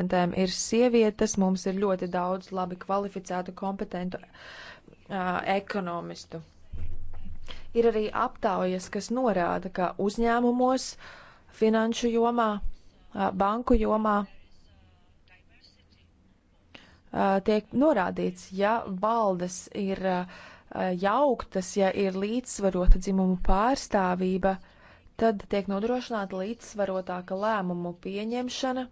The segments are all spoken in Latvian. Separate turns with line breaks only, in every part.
parlamentēm ir sievietes, mums ir ļoti daudz labi kvalificētu, kompetentu uh, ekonomistu. Ir arī aptaujas, kas norāda, ka uzņēmumos, finanšu jomā, uh, banku jomā uh, tiek norādīts, ja valdes ir uh, jauktas, ja ir līdzsvarota dzimumu pārstāvība, tad tiek nodrošināta līdzsvarotāka lēmumu pieņemšana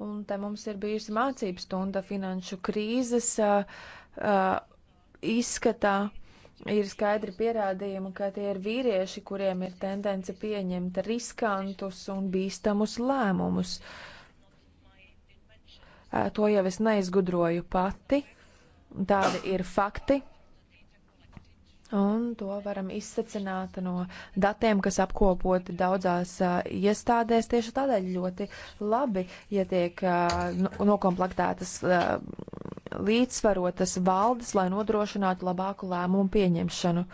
Un te mums ir bijusi mācības stunda finanšu krīzes uh, uh, izskatā. Ir skaidri pierādījumi, ka tie ir vīrieši, kuriem ir tendence pieņemt riskantus un bīstamus lēmumus. Uh, to jau es neizgudroju pati. Tādi ir fakti. Un to varam izsacināt no datiem, kas apkopoti daudzās uh, iestādēs. Tieši tādēļ ļoti labi, ja tiek uh, nokomplektētas uh, līdzsvarotas valdes, lai nodrošinātu labāku lēmumu pieņemšanu.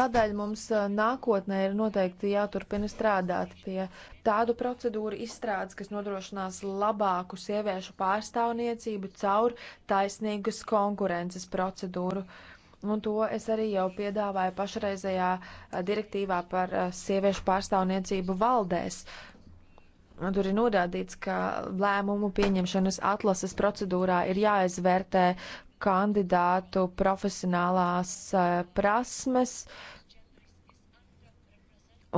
Tādēļ mums uh, nākotnē ir noteikti jāturpina strādāt pie tādu procedūru izstrādes, kas nodrošinās labāku sieviešu pārstāvniecību caur taisnīgas konkurences procedūru. Uh, Un to es arī jau piedāvāju pašreizējā direktīvā par sieviešu pārstāvniecību valdēs. Tur ir norādīts, ka lēmumu pieņemšanas atlases procedūrā ir jāizvērtē kandidātu profesionālās prasmes,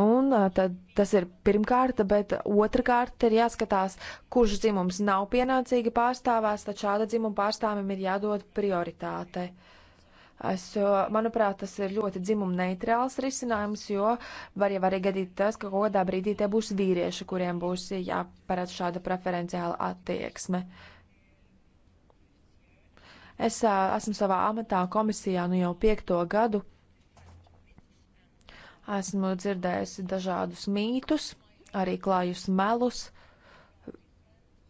Un tad tas ir pirmkārt, bet otrkārt ir jāskatās, kurš dzimums nav pienācīgi pārstāvās, tad šāda dzimuma pārstāvim ir jādod prioritāte. Uh, Es, uh, manuprāt, tas ir ļoti dzimuma neitrāls risinājums, jo var jau arī gadīt tas, ka kādā brīdī tie būs vīrieši, kuriem būs jāparāda šāda preferenciāla attieksme. Es uh, esmu savā amatā komisijā nu jau piekto gadu. Esmu dzirdējusi dažādus mītus, arī klājus melus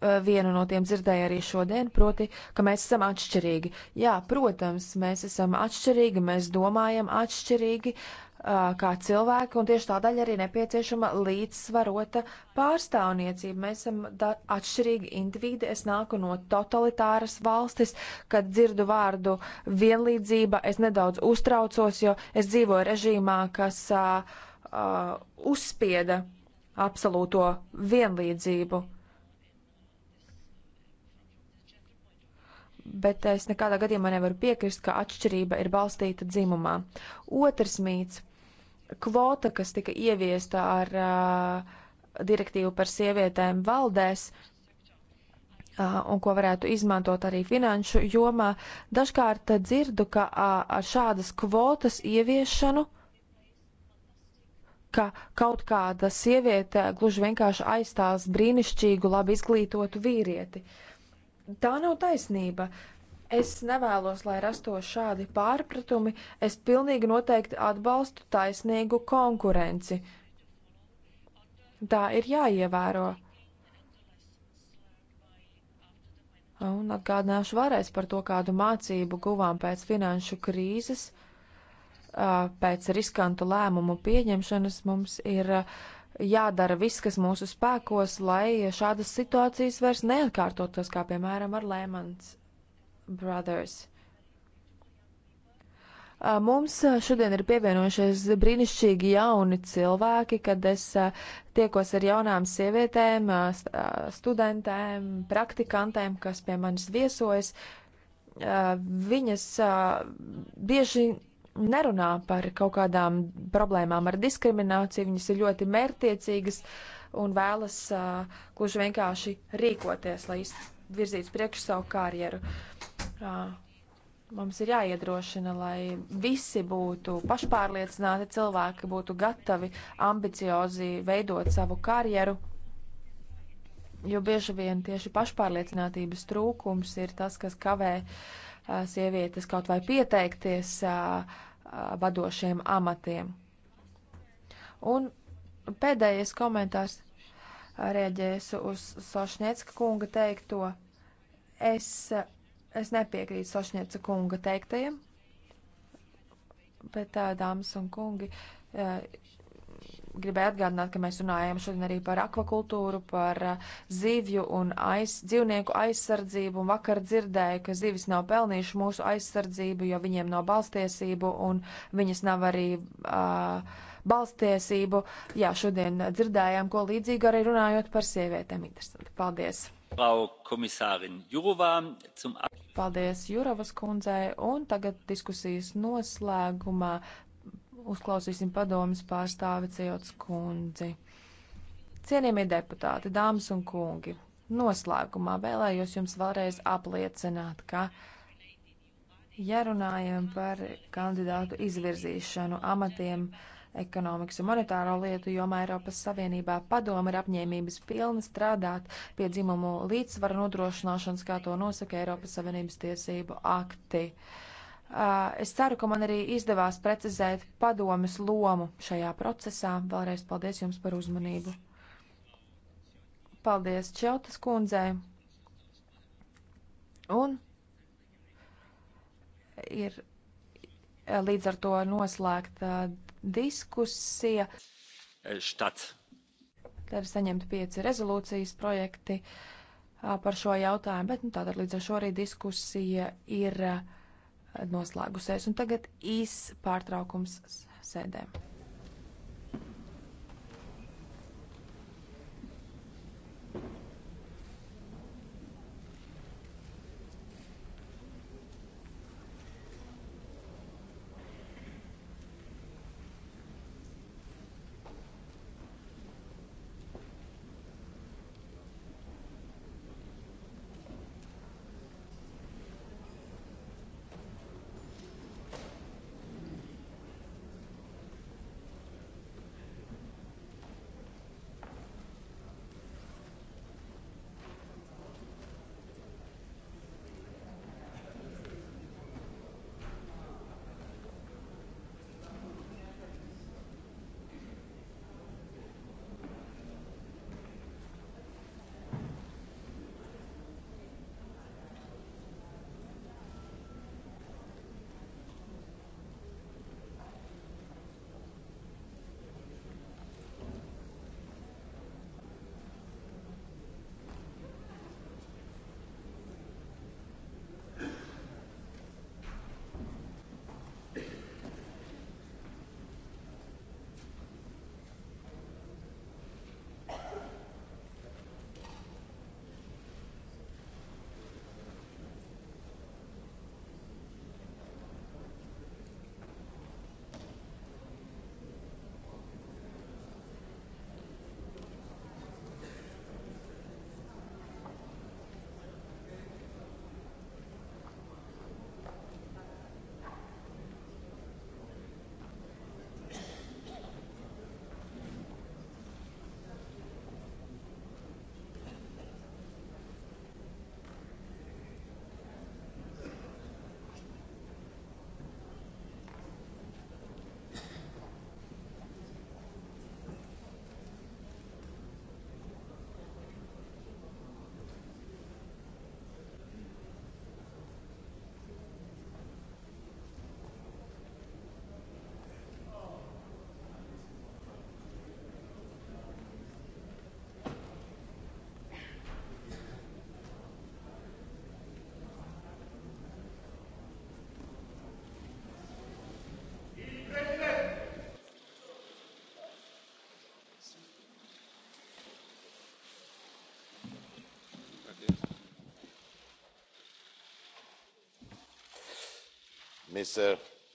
Eh, vienu no tiem dzirdēju arī šodien, proti, ka mēs esam atšķirīgi. Jā, protams, mēs esam atšķirīgi, mēs domājam atšķirīgi eh, kā cilvēki, un tieši tādēļ arī nepieciešama līdzsvarota pārstāvniecība. Mēs esam atšķirīgi individi. Es nāku no totalitāras valstis, kad dzirdu vārdu vienlīdzība, es nedaudz uztraucos, jo es dzīvoju režīmā, kas uh, uh, uzspieda absolūto vienlīdzību. Uh, bet es nekādā gadījumā nevaru piekrist, ka atšķirība ir balstīta dzimumā. Otrs mīts - kvota, kas tika ieviesta ar uh, direktīvu par sievietēm valdēs. Uh, un ko varētu izmantot arī finanšu jomā. Dažkārt dzirdu, ka uh, ar šādas kvotas ieviešanu ka kaut kāda sieviete gluži vienkārši aizstās brīnišķīgu, labi izglītotu vīrieti. Uh, Tā nav taisnība. Es nevēlos, lai rastos šādi pārpratumi. Es pilnīgi noteikti atbalstu taisnīgu konkurenci. Tā ir jāievēro. Un atgādināšu vēlreiz par to, kādu mācību guvām pēc finanšu krīzes, pēc riskantu lēmumu pieņemšanas mums ir uh, jādara viss, kas mūsu spēkos, lai šādas situācijas vairs neatkārtotos, kā piemēram ar Lehmans Brothers. Mums šodien ir pievienojušies brīnišķīgi jauni cilvēki, kad es tiekos ar jaunām sievietēm, studentēm, praktikantēm, kas pie manis viesojas. Viņas bieži nerunā par kaut kādām problēmām ar diskrimināciju, viņas ir ļoti mērtiecīgas un vēlas uh, gluži vienkārši rīkoties, lai virzītu priekš savu karjeru. Uh, mums ir jāiedrošina, lai visi būtu pašpārliecināti cilvēki, būtu gatavi ambiciozi veidot savu karjeru. Jo bieži vien tieši pašpārliecinātības trūkums ir tas, kas kavē uh, sievietes kaut vai pieteikties uh, vadošiem amatiem. Un pēdējais komentārs rēģēs uz Sošņēcka kunga teikto. Es, es nepiekrītu Sošņēcka kunga teiktajam, bet tā, dāmas un kungi, gribēju atgādināt, ka mēs runājam šodien arī par akvakultūru, par uh, zivju un aiz, dzīvnieku aizsardzību. Un vakar dzirdēju, ka zivis nav pelnījuši mūsu aizsardzību, jo viņiem nav balstiesību un viņas nav arī uh, balstiesību. Jā, šodien dzirdējām, ko līdzīgu arī runājot par sievietēm. Interesanti. Paldies! Frau Kommissarin Jurovā. Zum... Paldies Jurovas kundzei. Un tagad diskusijas noslēgumā uzklausīsim padomas pārstāvi Ciots kundzi. Cienījamie deputāti, dāmas un kungi, noslēgumā vēlējos jums vēlreiz apliecināt, ka, ja runājam par kandidātu izvirzīšanu amatiem ekonomikas un monetāro lietu jomā Eiropas Savienībā, padoma ir apņēmības pilna strādāt pie dzimumu līdzsvaru nodrošināšanas, kā to nosaka Eiropas Savienības tiesību akti. Uh, Uh, es ceru, ka man arī izdevās precizēt padomes lomu šajā procesā. Vēlreiz paldies jums par uzmanību. Paldies Čeltas kundzei. Un ir uh, līdz ar to noslēgta uh, diskusija. Štats. Tad ir saņemti pieci rezolūcijas projekti par šo jautājumu, bet nu, tātad līdz ar šo arī diskusija ir noslēgusies, un tagad īs pārtraukums sēdēm.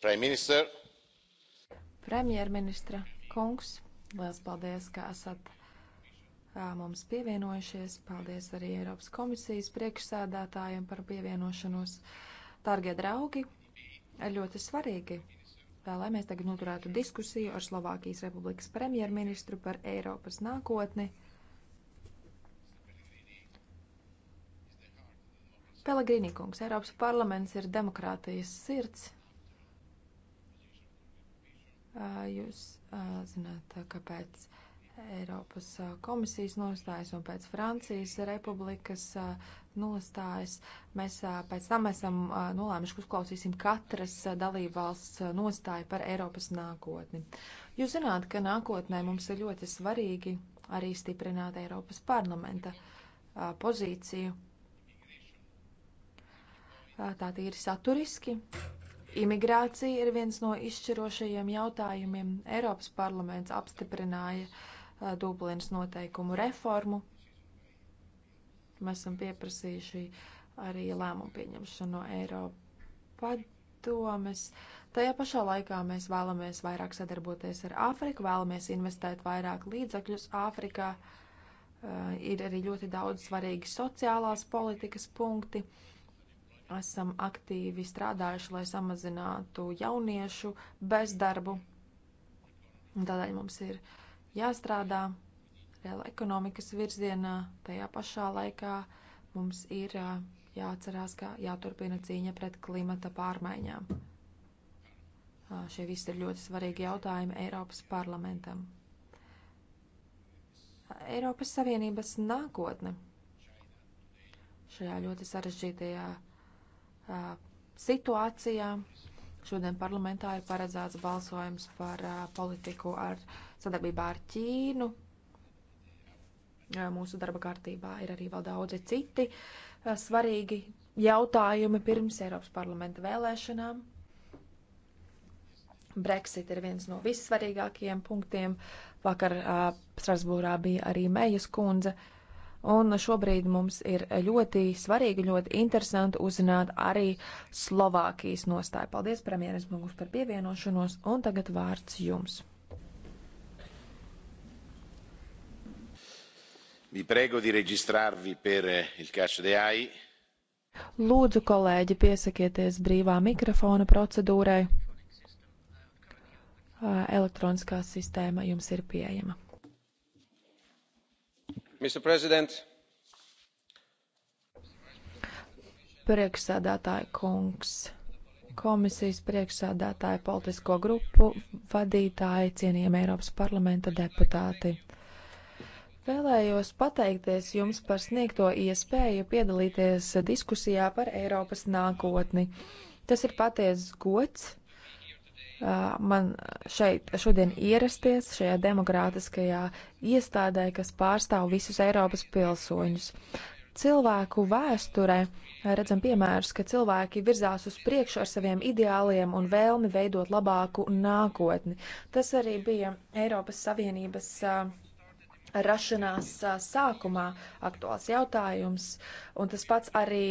Premjerministra.
Premjerministra kungs, liels paldies, ka esat mums pievienojušies. Paldies arī Eiropas komisijas priekšsēdētājiem par pievienošanos. Dargie draugi, ļoti svarīgi, lai mēs tagad noturētu diskusiju ar Slovākijas Republikas premjerministru par Eiropas nākotni. Pelegrīnī kungs, Eiropas parlaments ir demokrātijas sirds. Jūs zināt, kāpēc Eiropas komisijas nostājas un pēc Francijas republikas nostājas. Mēs pēc tam esam nolēmuši, ka uzklausīsim katras dalībvalsts nostāju par Eiropas nākotni. Jūs zināt, ka nākotnē mums ir ļoti svarīgi arī stiprināt Eiropas parlamenta pozīciju tā tīri saturiski. Imigrācija ir viens no izšķirošajiem jautājumiem. Eiropas parlaments apstiprināja uh, Dublinas noteikumu reformu. Mēs esam pieprasījuši arī lēmumu pieņemšanu no Eiropadomes. Tajā pašā laikā mēs vēlamies vairāk sadarboties ar Āfriku, vēlamies investēt vairāk līdzakļus Āfrikā. Uh, ir arī ļoti daudz svarīgi sociālās politikas punkti. Uh, esam aktīvi strādājuši, lai samazinātu jauniešu bezdarbu. Tādēļ mums ir jāstrādā reāla ekonomikas virzienā. Tajā pašā laikā mums ir jāatcerās, ka jāturpina cīņa pret klimata pārmaiņām. Šie visi ir ļoti svarīgi jautājumi Eiropas parlamentam. Eiropas Savienības nākotne šajā ļoti sarežģītajā uh, situācijā. Šodien parlamentā ir paredzēts balsojums par uh, politiku ar sadarbībā ar Ķīnu. Uh, mūsu darba kārtībā ir arī vēl daudzi citi uh, svarīgi jautājumi pirms Eiropas parlamenta vēlēšanām. Brexit ir viens no vissvarīgākajiem punktiem. Vakar uh, Strasbūrā bija arī Mejas kundze. Uh, Un šobrīd mums ir ļoti svarīgi, ļoti interesanti uzzināt arī Slovākijas nostāju. Paldies, premjeras Mugus, par pievienošanos, un tagad vārds jums.
Vi prego di registrarvi per eh, il cash de AI.
Lūdzu, kolēģi, piesakieties brīvā mikrofona procedūrai. Eh, elektroniskā sistēma jums ir pieejama
mr president
priekšsēdētāja kungs komisijas priekšsēdētāja politisko grupu vadītāji cienījamie Eiropas parlamenta deputāti Vēlējos pateikties jums par sniegto iespēju piedalīties diskusijā par Eiropas nākotni. Tas ir patiesas gods man šeit šodien ierasties šajā demokrātiskajā iestādē, kas pārstāv visus Eiropas pilsoņus. Cilvēku vēsturē redzam piemērus, ka cilvēki virzās uz priekšu ar saviem ideāliem un vēlmi veidot labāku nākotni. Tas arī bija Eiropas Savienības uh, rašanās sākumā aktuāls jautājums, un tas pats arī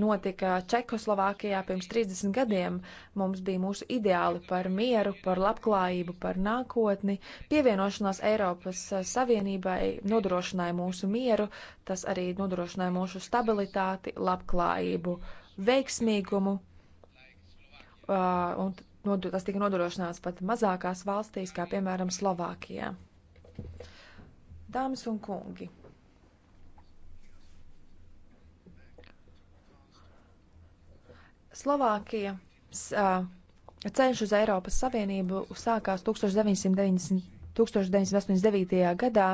notika Čekoslovākijā pirms 30 gadiem. Mums bija mūsu ideāli par mieru, par labklājību, par nākotni. Pievienošanās Eiropas Savienībai nodrošināja mūsu mieru, tas arī nodrošināja mūsu stabilitāti, labklājību, veiksmīgumu. Un tas tika nodrošināts pat mazākās valstīs, kā piemēram Slovākijā. Thank you. Dāmas un kungi! Slovākijas ceļš uz Eiropas Savienību sākās 1990, 1989. gadā,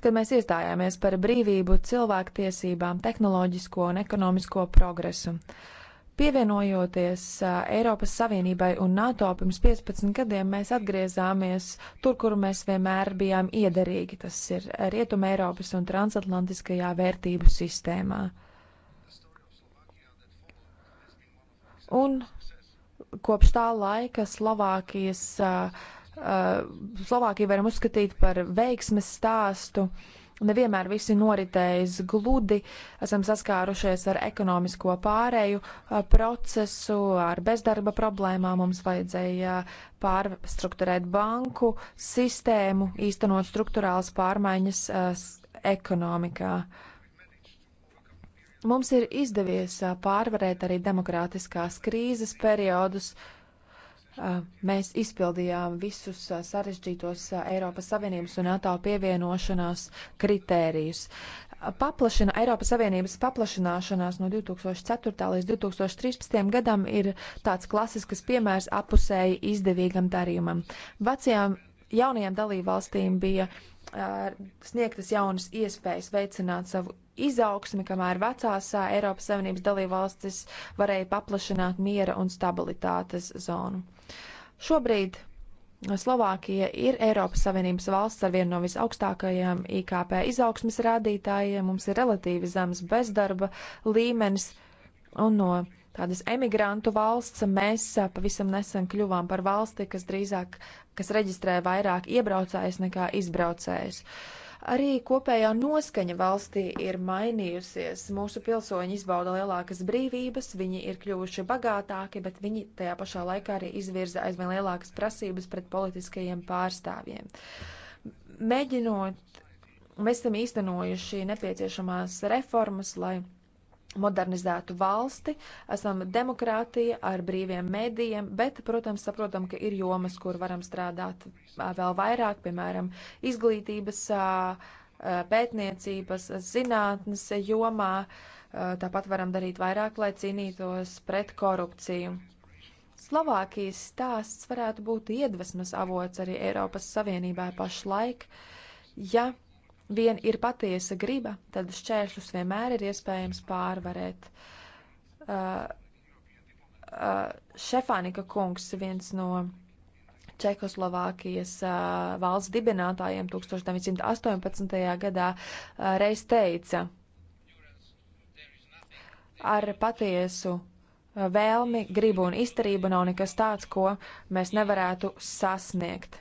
kad mēs iestājāmies par brīvību, cilvēktiesībām, tehnoloģisko un ekonomisko progresu. Uh, Pievienojoties Eiropas Savienībai un NATO pirms 15 gadiem, mēs atgriezāmies tur, kur mēs vienmēr bijām iederīgi. Tas ir Rietuma Eiropas un transatlantiskajā vērtību sistēmā. Un kopš tā laika Slovākijas, Slovākiju varam uzskatīt par veiksmes stāstu. Uh, Nevienmēr visi noritējis gludi, esam saskārušies ar ekonomisko pārēju procesu, ar bezdarba problēmām, mums vajadzēja pārstrukturēt banku sistēmu, īstenot struktūrāls pārmaiņas ekonomikā. Mums ir izdevies pārvarēt arī demokrātiskās krīzes periodus, uh, Mēs izpildījām visus sarežģītos Eiropas Savienības un NATO pievienošanās kritērijus. Paplašina, Eiropas Savienības paplašināšanās no 2004. līdz 2013. gadam ir tāds klasisks piemērs apusēji izdevīgam darījumam. Vecajām jaunajām dalībvalstīm bija sniegtas jaunas iespējas veicināt savu izaugsmi, kamēr vecās Eiropas Savienības dalībvalstis varēja paplašināt miera un stabilitātes zonu. Šobrīd Slovākija ir Eiropas Savienības valsts ar vienu no visaugstākajiem IKP izaugsmes rādītājiem, mums ir relatīvi zems bezdarba līmenis, un no tādas emigrantu valsts mēs uh, pavisam nesen kļuvām par valsti, kas drīzāk, kas reģistrē vairāk iebraucējus nekā izbraucējus. Uh, Arī kopējā noskaņa valstī ir mainījusies. Mūsu pilsoņi izbauda lielākas brīvības, viņi ir kļuvuši bagātāki, bet viņi tajā pašā laikā arī izvirza aizvien lielākas prasības pret politiskajiem pārstāvjiem. Mēģinot, mēs esam īstenojuši nepieciešamās reformas, lai modernizētu valsti, esam demokrātija ar brīviem mēdījiem, bet, protams, saprotam, ka ir jomas, kur varam strādāt vēl vairāk, piemēram, izglītības, pētniecības, zinātnes jomā. Tāpat varam darīt vairāk, lai cīnītos pret korupciju. Slovākijas stāsts varētu būt iedvesmas avots arī Eiropas Savienībā pašlaik, ja vien ir patiesa griba, tad šķēršļus vienmēr ir iespējams pārvarēt. Uh, uh, Šefānika kungs, viens no Čehoslovākijas uh, valsts dibinātājiem 1918. gadā uh, reiz teica, ar patiesu uh, vēlmi, gribu un izturību nav nekas tāds, ko mēs nevarētu sasniegt.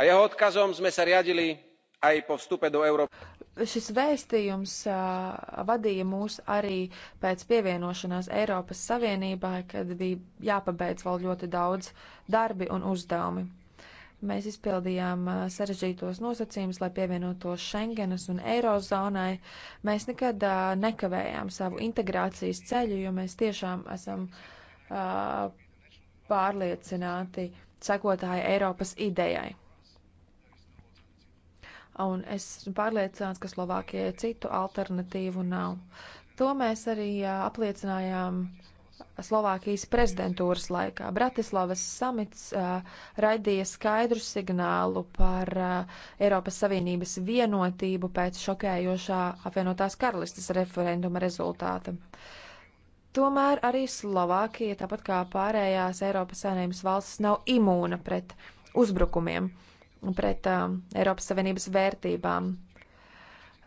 A jeho odkazom sme sa riadili
Šis vēstījums uh, vadīja mūs arī pēc pievienošanās Eiropas Savienībai, kad bija jāpabeidz vēl ļoti daudz darbi un uzdevumi. Mēs izpildījām uh, sarežģītos nosacījumus, lai pievienotos Schengenas un Eirozonai. Mēs nekad uh, nekavējām savu integrācijas ceļu, jo mēs tiešām esam uh, pārliecināti sekotāji Eiropas idejai un es esmu pārliecināts, ka Slovākijai citu alternatīvu nav. To mēs arī apliecinājām Slovākijas prezidentūras laikā. Bratislavas samits uh, raidīja skaidru signālu par uh, Eiropas Savienības vienotību pēc šokējošā apvienotās karalistes referenduma rezultāta. Tomēr arī Slovākija, tāpat kā pārējās Eiropas Savienības valstis, nav imūna pret uzbrukumiem. Uh, pret uh, Eiropas Savienības vērtībām.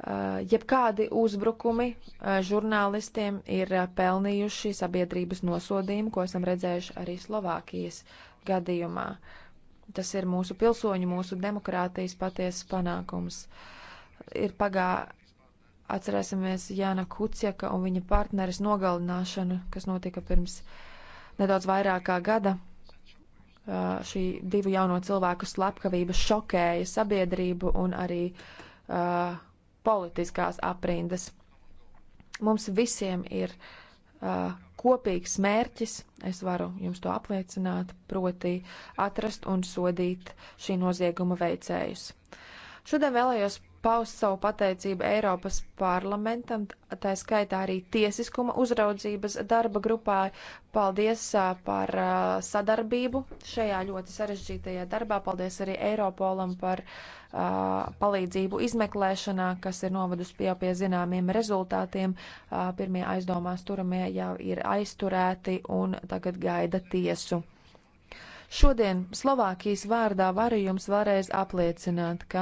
Uh, jebkādi uzbrukumi uh, žurnālistiem ir uh, pelnījuši sabiedrības nosodījumu, ko esam redzējuši arī Slovākijas gadījumā. Tas ir mūsu pilsoņu, mūsu demokrātijas patiesas panākums. Ir pagā, atcerēsimies Jāna Kuciaka un viņa partneres nogalināšanu, kas notika pirms nedaudz vairāk kā gada šī divu jauno cilvēku slepkavība šokēja sabiedrību un arī uh, politiskās aprindas. Mums visiem ir uh, kopīgs mērķis, es varu jums to apliecināt, proti atrast un sodīt šī nozieguma veicējus. Šodien vēlējos paust savu pateicību Eiropas parlamentam, tā skaitā arī tiesiskuma uzraudzības darba grupā. Paldies par sadarbību šajā ļoti sarežģītajā darbā. Paldies arī Eiropolam par palīdzību izmeklēšanā, kas ir novedusi pie, pie zināmiem rezultātiem. Pirmie aizdomās turamie jau ir aizturēti un tagad gaida tiesu. Šodien Slovākijas vārdā varu jums vēlreiz apliecināt, ka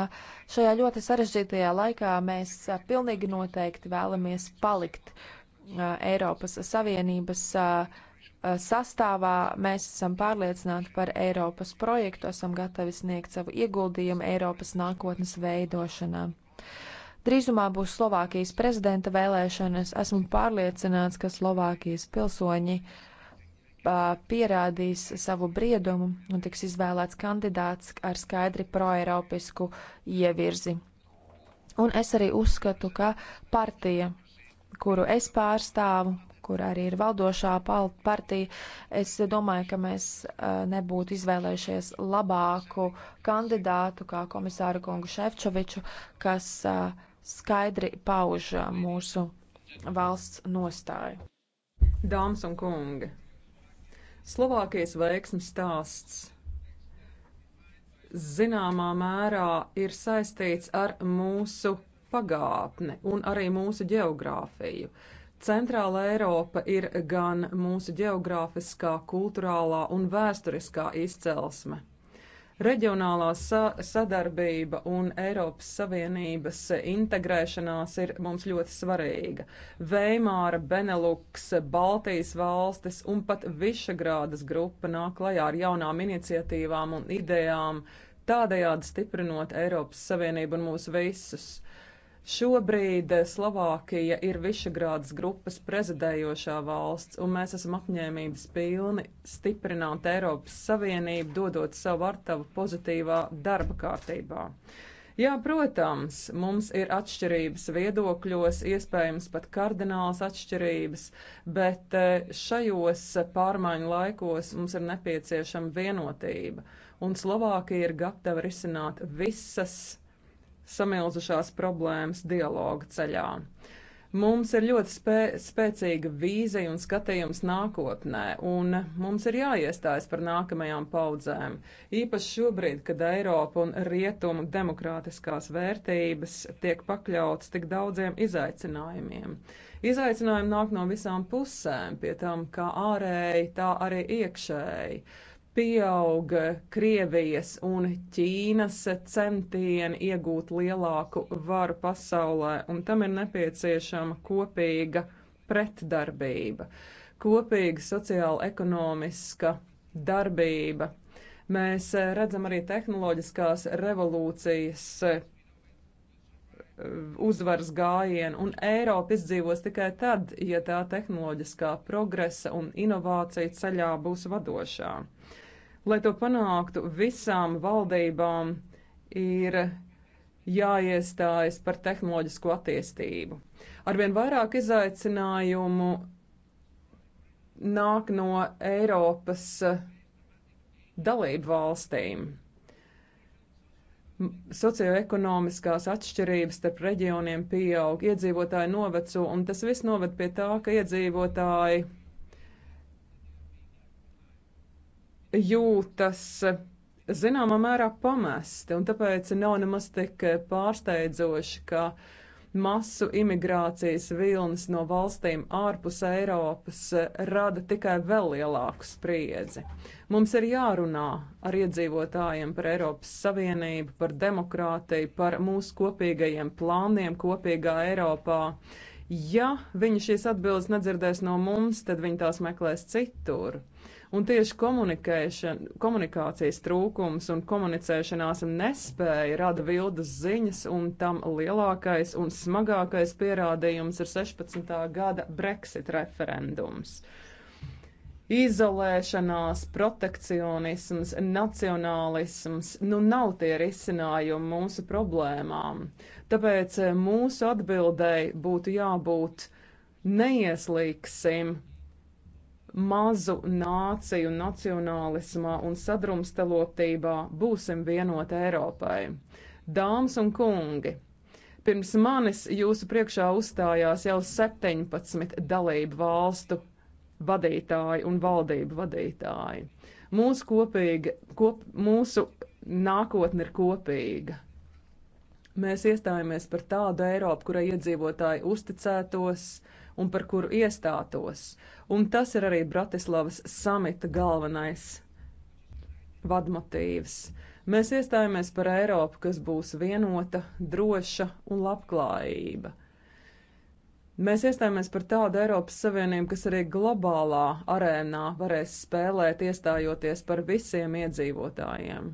šajā ļoti sarežģītajā laikā mēs pilnīgi noteikti vēlamies palikt uh, Eiropas Savienības uh, uh, sastāvā. Mēs esam pārliecināti par Eiropas projektu, esam gatavi sniegt savu ieguldījumu Eiropas nākotnes veidošanā. Drīzumā būs Slovākijas prezidenta vēlēšanas. Esmu pārliecināts, ka Slovākijas pilsoņi uh, pierādīs savu briedumu un tiks izvēlēts kandidāts ar skaidri proeiropisku ievirzi. Un es arī uzskatu, ka partija, kuru es pārstāvu, kur arī ir valdošā partija, es domāju, ka mēs nebūtu izvēlējušies labāku kandidātu kā komisāru kungu Šefčoviču, kas skaidri pauž mūsu
valsts nostāju. Dāmas un kungi, Slovākijas veiksmes stāsts zināmā mērā ir saistīts ar mūsu pagātni un arī mūsu geogrāfiju. Centrāla Eiropa ir gan mūsu geogrāfiskā, kultūrālā un vēsturiskā izcelsme. Reģionālā sa sadarbība un Eiropas Savienības integrēšanās ir mums ļoti svarīga. Veimāra, Beneluks, Baltijas valstis un pat Višagrādas grupa nāk klajā ar jaunām iniciatīvām un idejām, tādējādi stiprinot Eiropas Savienību un mūs visus. Šobrīd eh, Slovākija ir Višegrādas grupas prezidējošā valsts, un mēs esam apņēmības pilni stiprināt Eiropas Savienību, dodot savu artavu pozitīvā darba kārtībā. Jā, protams, mums ir atšķirības viedokļos, iespējams pat kardināls atšķirības, bet eh, šajos pārmaiņu laikos mums ir nepieciešama vienotība, un Slovākija ir gatava risināt visas samilzušās problēmas dialoga ceļā. Mums ir ļoti spē spēcīga vīzija un skatījums nākotnē, un mums ir jāiestājas par nākamajām paudzēm. Īpaši šobrīd, kad Eiropa un Rietuma demokrātiskās vērtības tiek pakļauts tik daudziem izaicinājumiem. Izaicinājumi nāk no visām pusēm, pie tam kā ārēji, tā arī iekšēji. Uh, pieaug Krievijas un Ķīnas centieni iegūt lielāku varu pasaulē, un tam ir nepieciešama kopīga pretdarbība, kopīga sociāla-ekonomiska darbība. Mēs eh, redzam arī tehnoloģiskās revolūcijas eh, uzvaras gājienu, un Eiropa izdzīvos tikai tad, ja tā tehnoloģiskā progresa un inovācija ceļā būs vadošā. Lai to panāktu, visām valdībām ir jāiestājas par tehnoloģisko attīstību. Arvien vairāk izaicinājumu nāk no Eiropas eh, dalību valstīm. Socioekonomiskās atšķirības starp reģioniem pieaug, iedzīvotāji noveco, un tas viss noved pie tā, ka iedzīvotāji jūtas zināmā mērā pamesti, un tāpēc nav nemaz tik pārsteidzoši, ka masu imigrācijas vilnis no valstīm ārpus Eiropas rada tikai vēl lielāku spriedzi. Mums ir jārunā ar iedzīvotājiem par Eiropas Savienību, par demokrātiju, par mūsu kopīgajiem plāniem kopīgā Eiropā. Uh, Ja viņi šīs atbildes nedzirdēs no mums, tad viņi tās meklēs citur. Un tieši komunikācijas trūkums un komunicēšanās nespēja rada vildas ziņas, un tam lielākais un smagākais pierādījums ir 16. gada Brexit referendums. Izolēšanās, protekcionisms, nacionālisms nu nav tie risinājumi mūsu problēmām. Tāpēc eh, mūsu atbildēji būtu jābūt neieslīgsim mazu nāciju nacionālismā un sadrumstalotībā būsim vienoti Eiropai. Dāmas un kungi, pirms manis jūsu priekšā uzstājās jau 17 dalību valstu vadītāji un valdību vadītāji. Mūsu, kopīga, kop, mūsu nākotne ir kopīga. Mēs iestājāmies par tādu Eiropu, kurai iedzīvotāji uzticētos un par kuru iestātos. Un tas ir arī Bratislavas samita galvenais vadmotīvs. Mēs iestājāmies par Eiropu, kas būs vienota, droša un labklājība. Mēs iestājāmies par tādu Eiropas Savienību, kas arī globālā arēnā varēs spēlēt, iestājoties par visiem iedzīvotājiem.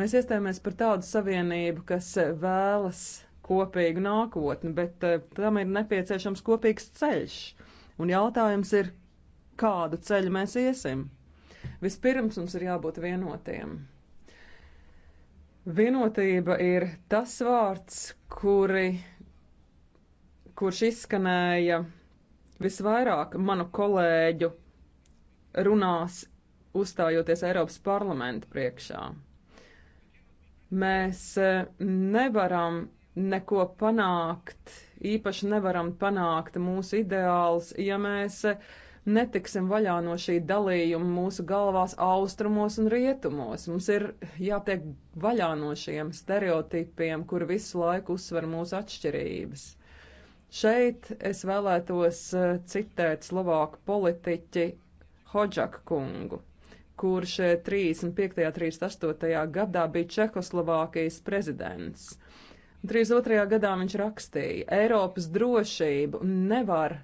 Mēs iestājāmies par tādu savienību, kas vēlas kopīgu nākotni, bet eh, tam ir nepieciešams kopīgs ceļš. Un jautājums ir, kādu ceļu mēs iesim? Vispirms mums ir jābūt vienotiem. Vienotība ir tas vārds, kuri kurš izskanēja visvairāk manu kolēģu runās, uzstājoties Eiropas parlamenta priekšā. Mēs e, nevaram neko panākt, īpaši nevaram panākt mūsu ideāls, ja mēs e, netiksim vaļā no šī dalījuma mūsu galvās austrumos un rietumos. Mums ir jātiek vaļā no šiem stereotipiem, kur visu laiku uzsver mūsu atšķirības. Šeit es vēlētos eh, citēt Slovāku politiķi Hoģaku kungu, kurš 35. un 38. gadā bija Čehoslovākijas prezidents. 32. gadā viņš rakstīja, Eiropas drošību nevar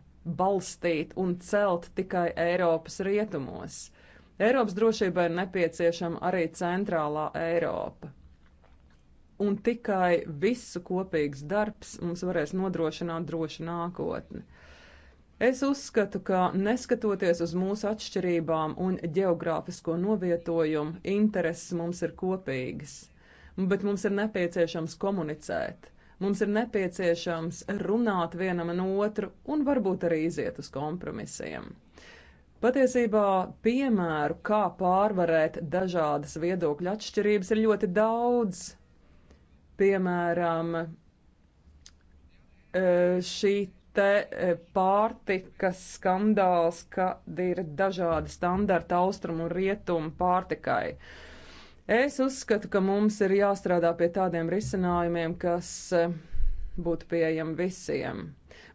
balstīt un celt tikai Eiropas rietumos. Eiropas drošībai ir nepieciešama arī centrālā Eiropa un tikai visu kopīgs darbs mums varēs nodrošināt drošu nākotni. Es uzskatu, ka neskatoties uz mūsu atšķirībām un geogrāfisko novietojumu, intereses mums ir kopīgas, bet mums ir nepieciešams komunicēt. Mums ir nepieciešams runāt vienam no otru un varbūt arī iziet uz kompromisiem. Patiesībā piemēru, kā pārvarēt dažādas viedokļu atšķirības, ir ļoti daudz, Piemēram, e, šī te e, pārtikas skandāls, kad ir dažādi standarti austrumu un rietumu pārtikai. Es uzskatu, ka mums ir jāstrādā pie tādiem risinājumiem, kas e, būtu pieejami visiem.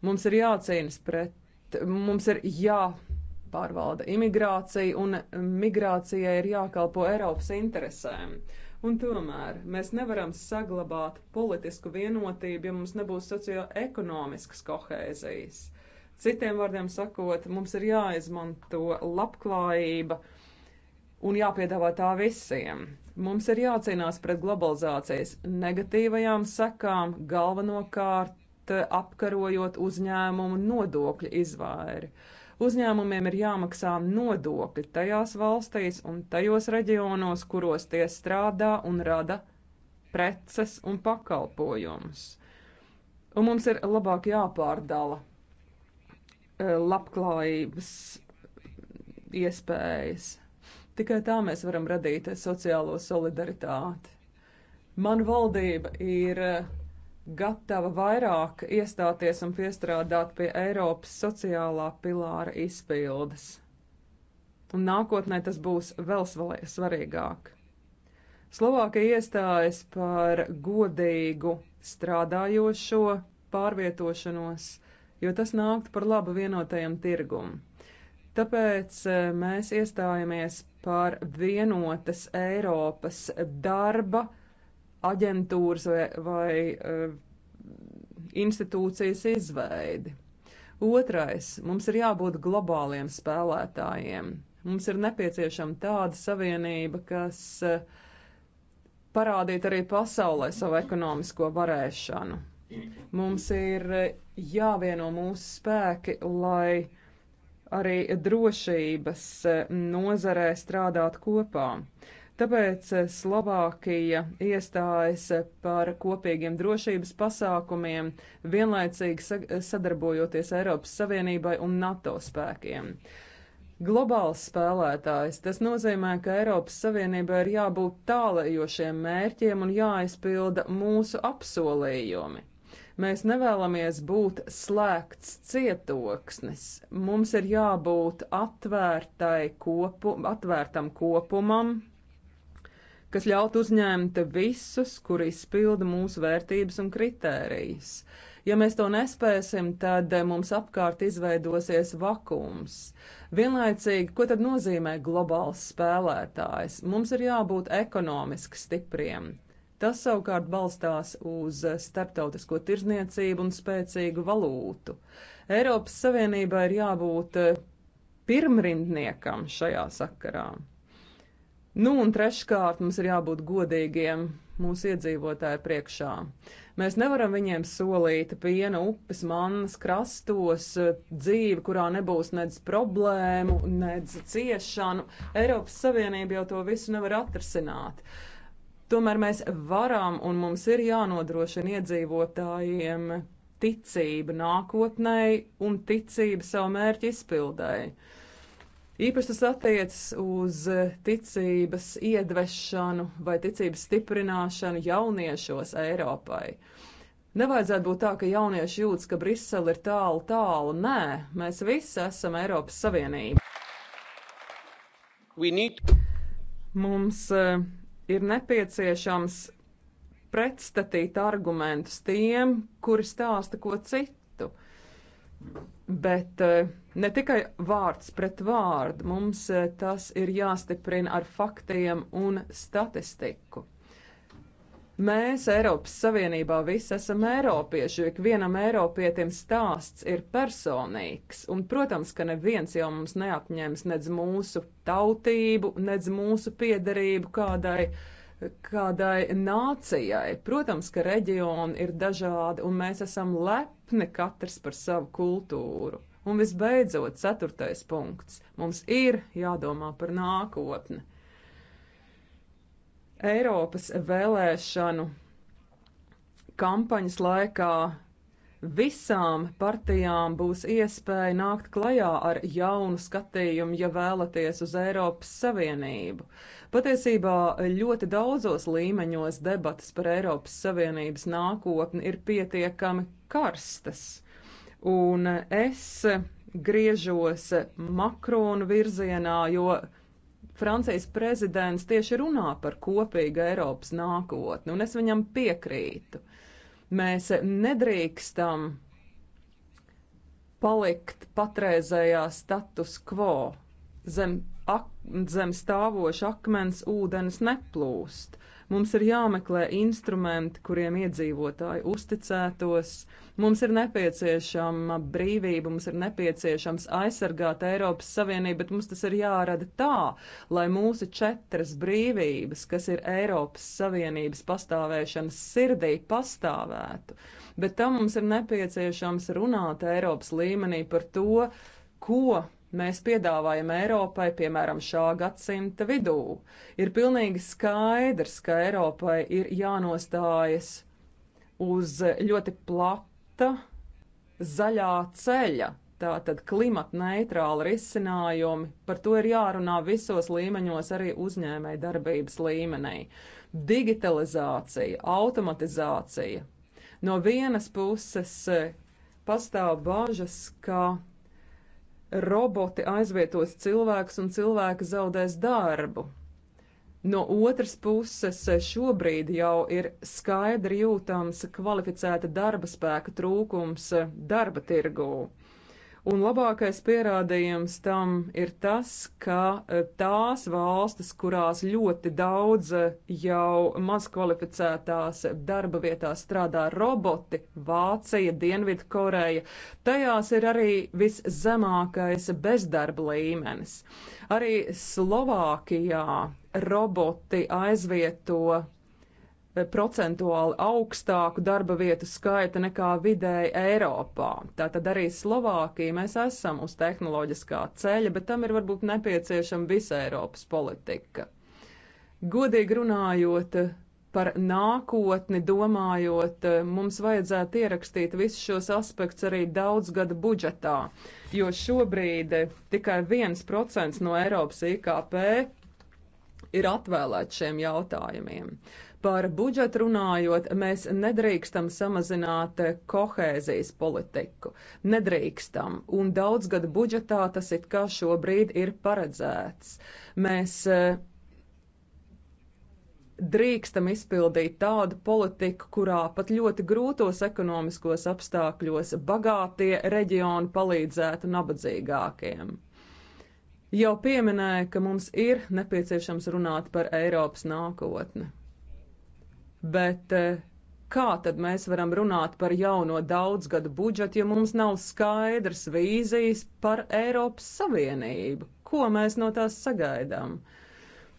Mums ir jācīnas pret, mums ir jāpārvalda imigrācija, un migrācijai ir jākalpo Eiropas interesēm. Un tomēr mēs nevaram saglabāt politisku vienotību, ja mums nebūs socioekonomiskas kohēzijas. Citiem vārdiem sakot, mums ir jāizmanto labklājība un jāpiedāvā tā visiem. Mums ir jācīnās pret globalizācijas negatīvajām sekām, galvenokārt apkarojot uzņēmumu nodokļu izvairi. Uh, Uzņēmumiem ir jāmaksā nodokļi tajās valstīs un tajos reģionos, kuros tie strādā un rada preces un pakalpojumus. Un mums ir labāk jāpārdala e, labklājības iespējas. Tikai tā mēs varam radīt sociālo solidaritāti. Man valdība ir e, gatava vairāk iestāties un piestrādāt pie Eiropas sociālā pilāra izpildes. Un nākotnē tas būs vēl svarīgāk. Slovākija iestājas par godīgu strādājošo pārvietošanos, jo tas nāktu par labu vienotajam tirgumam. Tāpēc e, mēs iestājamies par vienotas Eiropas darba, aģentūras vai, vai uh, institūcijas izveidi. Otrais - mums ir jābūt globāliem spēlētājiem. Mums ir nepieciešama tāda savienība, kas uh, parādītu arī pasaulē savu ekonomisko varēšanu. Mums ir eh, jāvieno mūsu spēki, lai arī drošības nozarē strādātu kopā. Uh, Tāpēc eh, Slovākija iestājas par kopīgiem drošības pasākumiem, vienlaicīgi sadarbojoties Eiropas Savienībai un NATO spēkiem. Globāls spēlētājs tas nozīmē, ka Eiropas Savienībai ir jābūt tālējošiem mērķiem un jāizpilda mūsu apsolījumi. Mēs nevēlamies būt slēgts cietoksnis. Mums ir jābūt atvērtai kopu, atvērtam kopumam, kas ļautu uzņemt visus, kuri izpilda mūsu vērtības un kritērijas. Ja mēs to nespēsim, tad eh, mums apkārt izveidosies vakums. Vienlaicīgi, ko tad nozīmē globāls spēlētājs? Mums ir jābūt ekonomiski stipriem. Tas savukārt balstās uz eh, starptautisko tirzniecību un spēcīgu valūtu. Eiropas Savienībā ir jābūt eh, pirmrindniekam šajā sakarā. Nu, un treškārt mums ir jābūt godīgiem mūsu iedzīvotāju priekšā. Mēs nevaram viņiem solīt piena upes, mannas krastos, dzīvi, kurā nebūs nedz problēmu, nedz ciešanu. Eiropas Savienība jau to visu nevar atrasināt. Tomēr mēs varam un mums ir jānodrošina iedzīvotājiem ticība nākotnē un ticība savu mērķu izpildēji. Īpaši tas attiecas uz eh, ticības iedvešanu vai ticības stiprināšanu jauniešos Eiropai. Nevajadzētu būt tā, ka jaunieši jūtas, ka Brisele ir tālu, tālu. Nē, mēs visi esam Eiropas Savienība. Need... Mums uh, ir nepieciešams pretstatīt argumentus tiem, kuri stāsta ko citu. Bet eh, ne tikai vārds pret vārdu, mums eh, tas ir jāstiprina ar faktiem un statistiku. Mēs Eiropas Savienībā visi esam eiropieši, jo ikvienam eiropietim stāsts ir personīgs. Un, protams, ka neviens jau mums neapņems nedz mūsu tautību, nedz mūsu piederību kādai uh, kādai nācijai. Protams, ka reģioni ir dažādi, un mēs esam lepni katrs par savu kultūru. Un visbeidzot, ceturtais punkts. Mums ir jādomā par nākotni. Eiropas vēlēšanu kampaņas laikā visām partijām būs iespēja nākt klajā ar jaunu skatījumu, ja vēlaties uz Eiropas Savienību. Uh, Patiesībā ļoti daudzos līmeņos debatas par Eiropas Savienības nākotni ir pietiekami karstas. Un es griežos Makrona virzienā, jo Francijas prezidents tieši runā par kopīgu Eiropas nākotni, un es viņam piekrītu. Mēs nedrīkstam palikt patreizējā status quo zem ak, zem stāvoša akmens ūdens neplūst. Mums ir jāmeklē instrumenti, kuriem iedzīvotāji uzticētos. Mums ir nepieciešama brīvība, mums ir nepieciešams aizsargāt Eiropas Savienību, bet mums tas ir jārada tā, lai mūsu četras brīvības, kas ir Eiropas Savienības pastāvēšanas sirdī, pastāvētu. Bet tam mums ir nepieciešams runāt Eiropas līmenī par to, ko mēs piedāvājam Eiropai, piemēram, šā gadsimta vidū. Ir pilnīgi skaidrs, ka Eiropai ir jānostājas uz ļoti plata zaļā ceļa. Tātad klimata neitrāla risinājumi, par to ir jārunā visos līmeņos, arī uzņēmēja darbības līmenī. Digitalizācija, automatizācija. No vienas puses eh, pastāv bažas, ka roboti aizvietos cilvēkus un cilvēki zaudēs darbu. No otras puses, šobrīd jau ir skaidri jūtams kvalificēta darba spēka trūkums darba tirgū. Un labākais pierādījums tam ir tas, ka e, tās valstis, kurās ļoti daudz e, jau maz kvalificētās darba vietās strādā roboti, Vācija, Dienvidkoreja, tajās ir arī viszemākais bezdarba līmenis. Arī Slovākijā roboti aizvieto procentuāli augstāku darba vietu skaitu nekā vidēji Eiropā. Tātad arī Slovākija mēs esam uz tehnoloģiskā ceļa, bet tam ir varbūt nepieciešama visa Eiropas politika. Godīgi runājot, par nākotni domājot, mums vajadzētu ierakstīt visus šos aspektus arī daudzgada budžetā, jo šobrīd tikai 1% no Eiropas IKP ir atvēlēts šiem jautājumiem. Par budžetu runājot, mēs nedrīkstam samazināt kohēzijas politiku. Nedrīkstam, un daudzgada budžetā tas it kā šobrīd ir paredzēts. Mēs e, drīkstam izpildīt tādu politiku, kurā pat ļoti grūtos ekonomiskos apstākļos bagātie reģioni palīdzētu nabadzīgākiem. Jau pieminēja, ka mums ir nepieciešams runāt par Eiropas nākotni bet e, kā tad mēs varam runāt par jauno daudzgadu budžetu, ja mums nav skaidrs vīzijas par Eiropas Savienību? Ko mēs no tās sagaidām?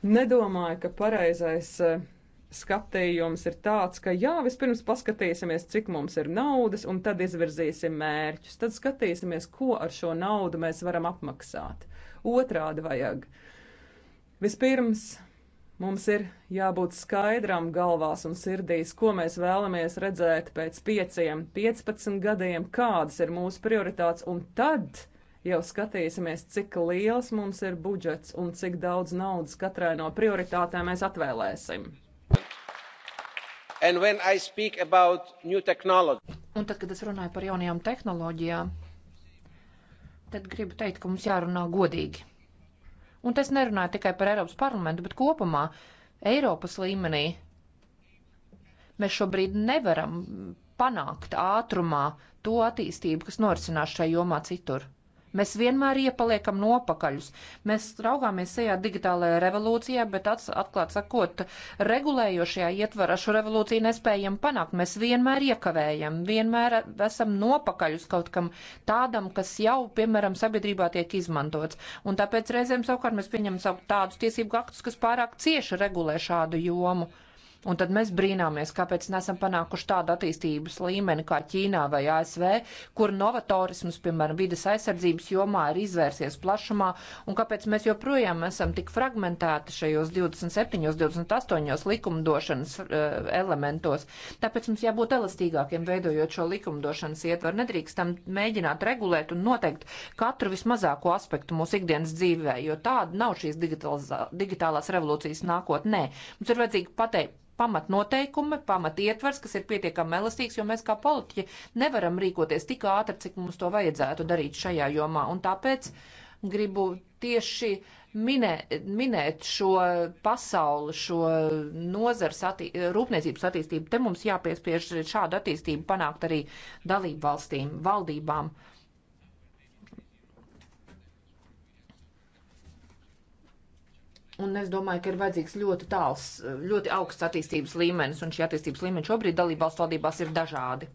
Nedomāju, ka pareizais e, skatījums ir tāds, ka jā, vispirms paskatīsimies, cik mums ir naudas, un tad izvirzīsim mērķus. Tad skatīsimies, ko ar šo naudu mēs varam apmaksāt. Otrādi vajag. Vispirms Mums ir jābūt skaidram galvās un sirdīs, ko mēs vēlamies redzēt pēc 5, 15 gadiem, kādas ir mūsu prioritātes, un tad jau skatīsimies, cik liels mums ir budžets un cik daudz naudas katrai no prioritātēm mēs atvēlēsim. Un
tad, kad es runāju par jaunajām tehnoloģijām, tad gribu teikt, ka mums jārunā godīgi Un tas nerunāja tikai par Eiropas parlamentu, bet kopumā Eiropas līmenī mēs šobrīd nevaram panākt ātrumā to attīstību, kas norisinās šajā jomā citur. Mēs vienmēr iepaliekam nopakaļus. Mēs raugāmies šajā digitālajā revolūcijā, bet atklāt sakot, regulējošajā ietvarā šo revolūciju nespējam panākt. Mēs vienmēr iekavējam, vienmēr esam nopakaļus kaut kam tādam, kas jau, piemēram, sabiedrībā tiek izmantots. Un tāpēc reizēm savukārt mēs pieņemam savu tādus tiesību aktus, kas pārāk cieši regulē šādu jomu. Un tad mēs brīnāmies, kāpēc nesam panākuši tādu attīstības līmeni kā Ķīnā vai ASV, kur novatorisms, piemēram, vidas aizsardzības jomā ir izvērsies plašumā, un kāpēc mēs joprojām esam tik fragmentēti šajos 27, 28 likumdošanas uh, elementos. Tāpēc mums jābūt elastīgākiem veidojot šo likumdošanas ietvaru. Nedrīkstam mēģināt regulēt un noteikt katru vismazāko aspektu mūsu ikdienas dzīvē, jo tāda nav šīs digitālās revolūcijas nākotnē. Mums ir vajadzīgi pateikt pamatnoteikumi, pamatietvers, kas ir pietiekami elastīgs, jo mēs kā politiķi nevaram rīkoties tik ātri, cik mums to vajadzētu darīt šajā jomā. Un tāpēc gribu tieši minē, minēt šo pasauli, šo nozars attī, rūpniecības attīstību. Te mums jāpiespiež šādu attīstību panākt arī dalību valstīm, valdībām. Uh, Un es domāju, ka ir vajadzīgs ļoti tāls, ļoti augsts attīstības līmenis, un šī attīstības līmeņa šobrīd dalībvalstu valdībās ir dažādi.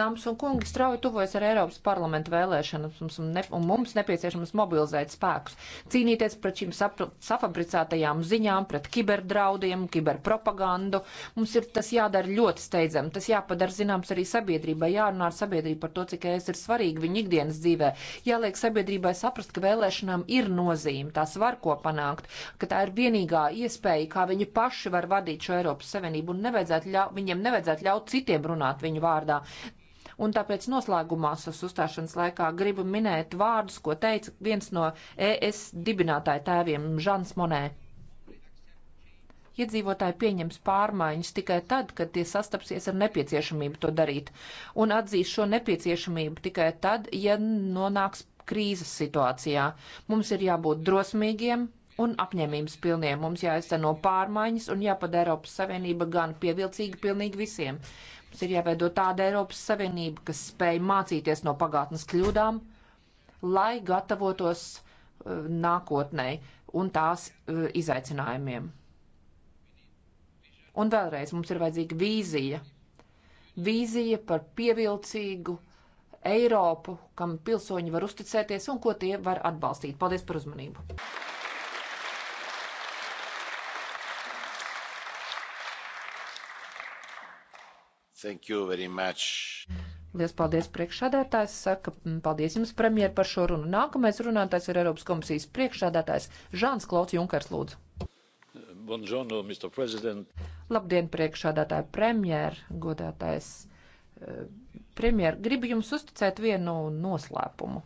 Dāmas un kungi, strauji tuvojas ar Eiropas parlamentu vēlēšanas mums un, ne, un mums nepieciešams mobilizēt spēkus, cīnīties pret šīm safabricētajām ziņām, pret kiberdraudiem, kiberpropagandu. Mums ir tas jādara ļoti steidzami, tas jāpadara zināms arī sabiedrībai, jārunā ar sabiedrību par to, cik es ir svarīgi viņa ikdienas dzīvē, jāliek sabiedrībai saprast, ka vēlēšanām ir nozīme, tās var ko panākt, ka tā ir vienīgā iespēja, kā viņi paši var vadīt šo Eiropas Savienību un nevajadzētu ļau, viņiem nevajadzētu ļaut citiem runāt viņu vārdā. Un tāpēc noslēgumā savas uzstāšanas laikā gribu minēt vārdus, ko teica viens no ES dibinātāja tēviem - Žans Monē. Iedzīvotāji pieņems pārmaiņas tikai tad, kad tie sastapsies ar nepieciešamību to darīt, un atzīs šo nepieciešamību tikai tad, ja nonāks krīzes situācijā. Mums ir jābūt drosmīgiem un apņēmības pilniem. Mums jāizteno pārmaiņas un jāpada Eiropas Savienība gan pievilcīga pilnīgi visiem. Mums ir jāveido tāda Eiropas Savienība, kas spēj mācīties no pagātnes kļūdām, lai gatavotos uh, nākotnē un tās uh, izaicinājumiem. Un vēlreiz mums ir vajadzīga vīzija. Vīzija par pievilcīgu Eiropu, kam pilsoņi var uzticēties un ko tie var atbalstīt. Paldies par uzmanību! Lielas paldies priekšādātājs, saka, mm, paldies jums, premjer, par šo runu. Nākamais runātājs ir Eiropas komisijas priekšādātājs Žāns Klauds Junkars, lūdzu.
Buongiorno, Mr. President.
Labdien, priekšādātāja premjer, godātājs. Eh, premjer, gribu jums uzticēt vienu noslēpumu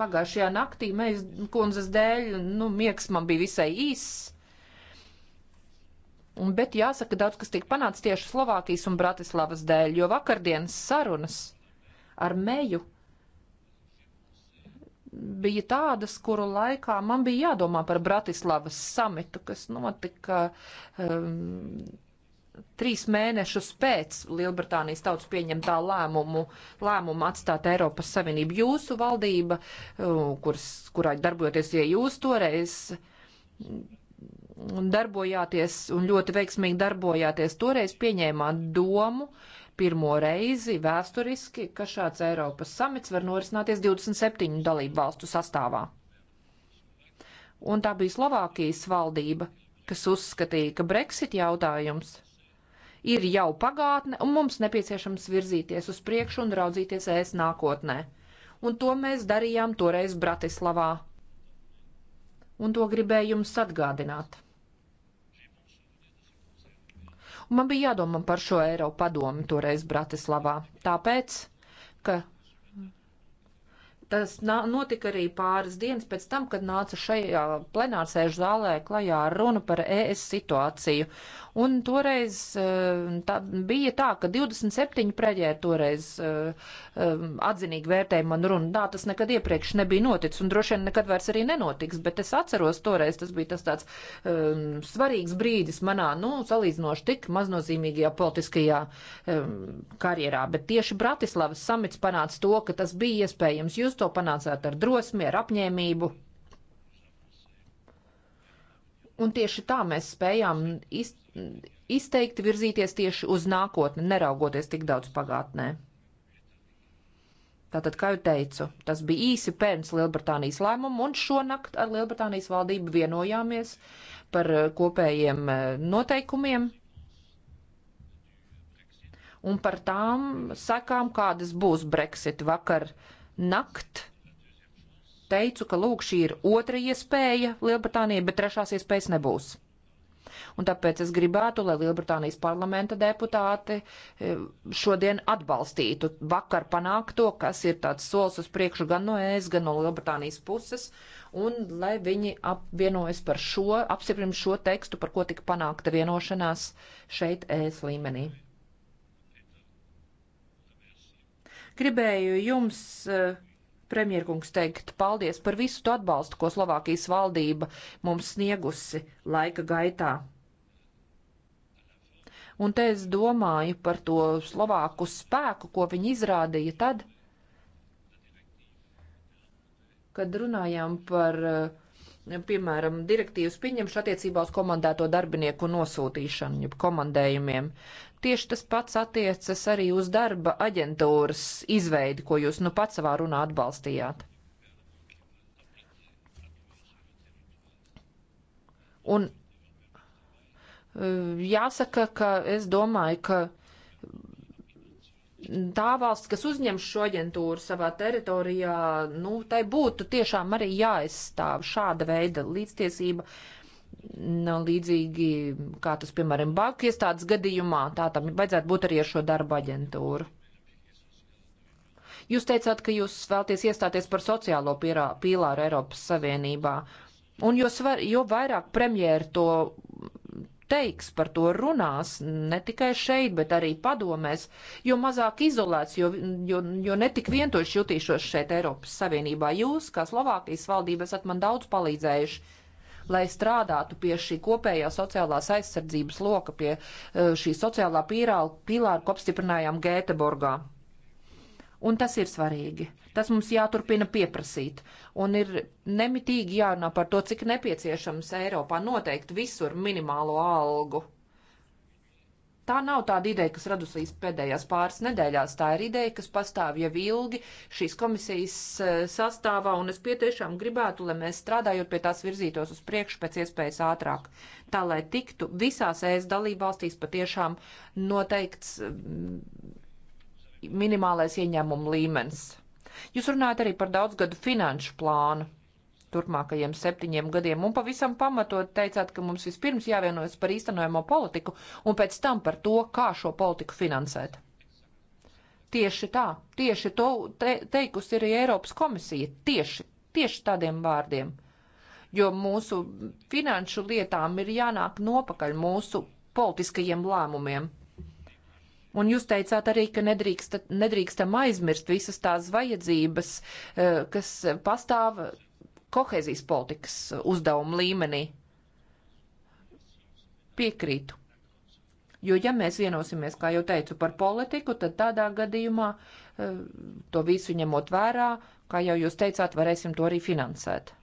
pagājušajā naktī mēs kundzes dēļ, nu, miegs man bija visai īss. Bet jāsaka, daudz kas tika panāts tieši Slovākijas un Bratislavas dēļ, jo vakardienas sarunas ar meju bija tādas, kuru laikā man bija jādomā par Bratislavas samitu, kas notika um, trīs mēnešus pēc Lielbritānijas tautas pieņemtā lēmumu, lēmumu atstāt Eiropas Savienību. Jūsu valdība, uh, kuras, kurā darbojoties, ja jūs toreiz darbojāties un ļoti veiksmīgi darbojāties. Toreiz pieņēmāt domu pirmo reizi vēsturiski, ka šāds Eiropas samits var norisināties 27 dalību valstu sastāvā. Un tā bija Slovākijas valdība, kas uzskatīja, ka Brexit jautājums ir jau pagātne un mums nepieciešams virzīties uz priekšu un raudzīties ēst nākotnē. Un to mēs darījām toreiz Bratislavā. Un to gribēju jums atgādināt. Man bija jādomā par šo Eiropa padomu toreiz Bratislavā. Tāpēc, ka Tas notika arī pāris dienas pēc tam, kad nāca šajā plenārsēžu zālē klajā runa par ES situāciju. Un toreiz eh, tā, bija tā, ka 27 preģēri toreiz eh, eh, atzinīgi vērtēja manu runu. Tā tas nekad iepriekš nebija noticis un droši vien nekad vairs arī nenotiks, bet es atceros toreiz tas bija tas tāds um, svarīgs brīdis manā, nu, salīdzinoši tik maznozīmīgajā politiskajā um, karjerā. Bet tieši Bratislavas samits panāca to, ka tas bija iespējams. Jūs to panācāt ar drosmi, ar apņēmību. Un tieši tā mēs spējām iz, izteikti virzīties tieši uz nākotni, neraugoties tik daudz pagātnē. Tātad, kā jau teicu, tas bija īsi pēc Lielbritānijas lēmuma, un šonakt ar Lielbritānijas valdību vienojāmies par eh, kopējiem eh, noteikumiem un par tām sekām, kādas būs Brexit vakar. Uh, nakt teicu, ka lūk, šī ir otra iespēja Lielbritānijai, bet trešās iespējas nebūs. Un tāpēc es gribētu, lai Lielbritānijas parlamenta deputāti e, šodien atbalstītu vakar panākto, kas ir tāds solis uz priekšu gan no ES, gan no Lielbritānijas puses, un lai viņi apvienojas par šo, apstiprina šo tekstu, par ko tika panākta vienošanās šeit ES līmenī. Gribēju jums, eh, premjerkungs, teikt paldies par visu to atbalstu, ko Slovākijas valdība mums sniegusi laika gaitā. Un te es domāju par to slovāku spēku, ko viņi izrādīja tad, kad runājām par uh, piemēram, direktīvas pieņemšanu attiecībā uz komandēto darbinieku nosūtīšanu, jeb komandējumiem. Tieši tas pats attiecas arī uz darba aģentūras izveidi, ko jūs nu pats savā runā atbalstījāt. Un e, jāsaka, ka es domāju, ka tā valsts, kas uzņem šo aģentūru savā teritorijā, nu, tai būtu tiešām arī jāaizstāv šāda veida līdztiesība. Nu, līdzīgi kā tas, piemēram, banku iestādes gadījumā, tā tam vajadzētu būt arī ar šo darba aģentūru. Jūs teicāt, ka jūs vēlties iestāties par sociālo pīlāru Eiropas Savienībā. Un jo, svar, jo vairāk premjeri to teiks, par to runās ne tikai šeit, bet arī padomēs, jo mazāk izolēts, jo, jo, jo netik vientoši jutīšos šeit Eiropas Savienībā. Jūs, kā Slovākijas valdība, esat man daudz palīdzējuši lai strādātu pie šī kopējā sociālās aizsardzības loka, pie eh, šī sociālā pīrāla pīlāra, ko apstiprinājām Gēteborgā. Un tas ir svarīgi. Tas mums jāturpina pieprasīt. Un ir nemitīgi jārunā par to, cik nepieciešams Eiropā noteikt visur minimālo algu. Tā nav tāda ideja, kas radusies pēdējās pāris nedēļās. Tā ir ideja, kas pastāv jau ilgi šīs komisijas eh, sastāvā, un es patiešām gribētu, lai mēs strādājot pie tās virzītos uz priekšu pēc iespējas ātrāk. Tā, lai tiktu visās ES dalībvalstīs patiešām noteikts mm, minimālais ieņēmuma līmenis. Jūs runājat arī par daudzgadu finanšu plānu turpmākajiem septiņiem gadiem, un pavisam pamatot teicāt, ka mums vispirms jāvienojas par īstenojamo politiku, un pēc tam par to, kā šo politiku finansēt. Tieši tā, tieši to te, teikusi arī Eiropas komisija, tieši, tieši tādiem vārdiem, jo mūsu finanšu lietām ir jānāk nopakaļ mūsu politiskajiem lēmumiem. Un jūs teicāt arī, ka nedrīkst, nedrīkstam aizmirst visas tās vajadzības, eh, kas pastāv kohēzijas politikas uzdevuma līmenī. Piekrītu. Jo, ja mēs vienosimies, kā jau teicu, par politiku, tad tādā gadījumā eh, to visu ņemot vērā, kā jau jūs teicāt, varēsim to arī finansēt.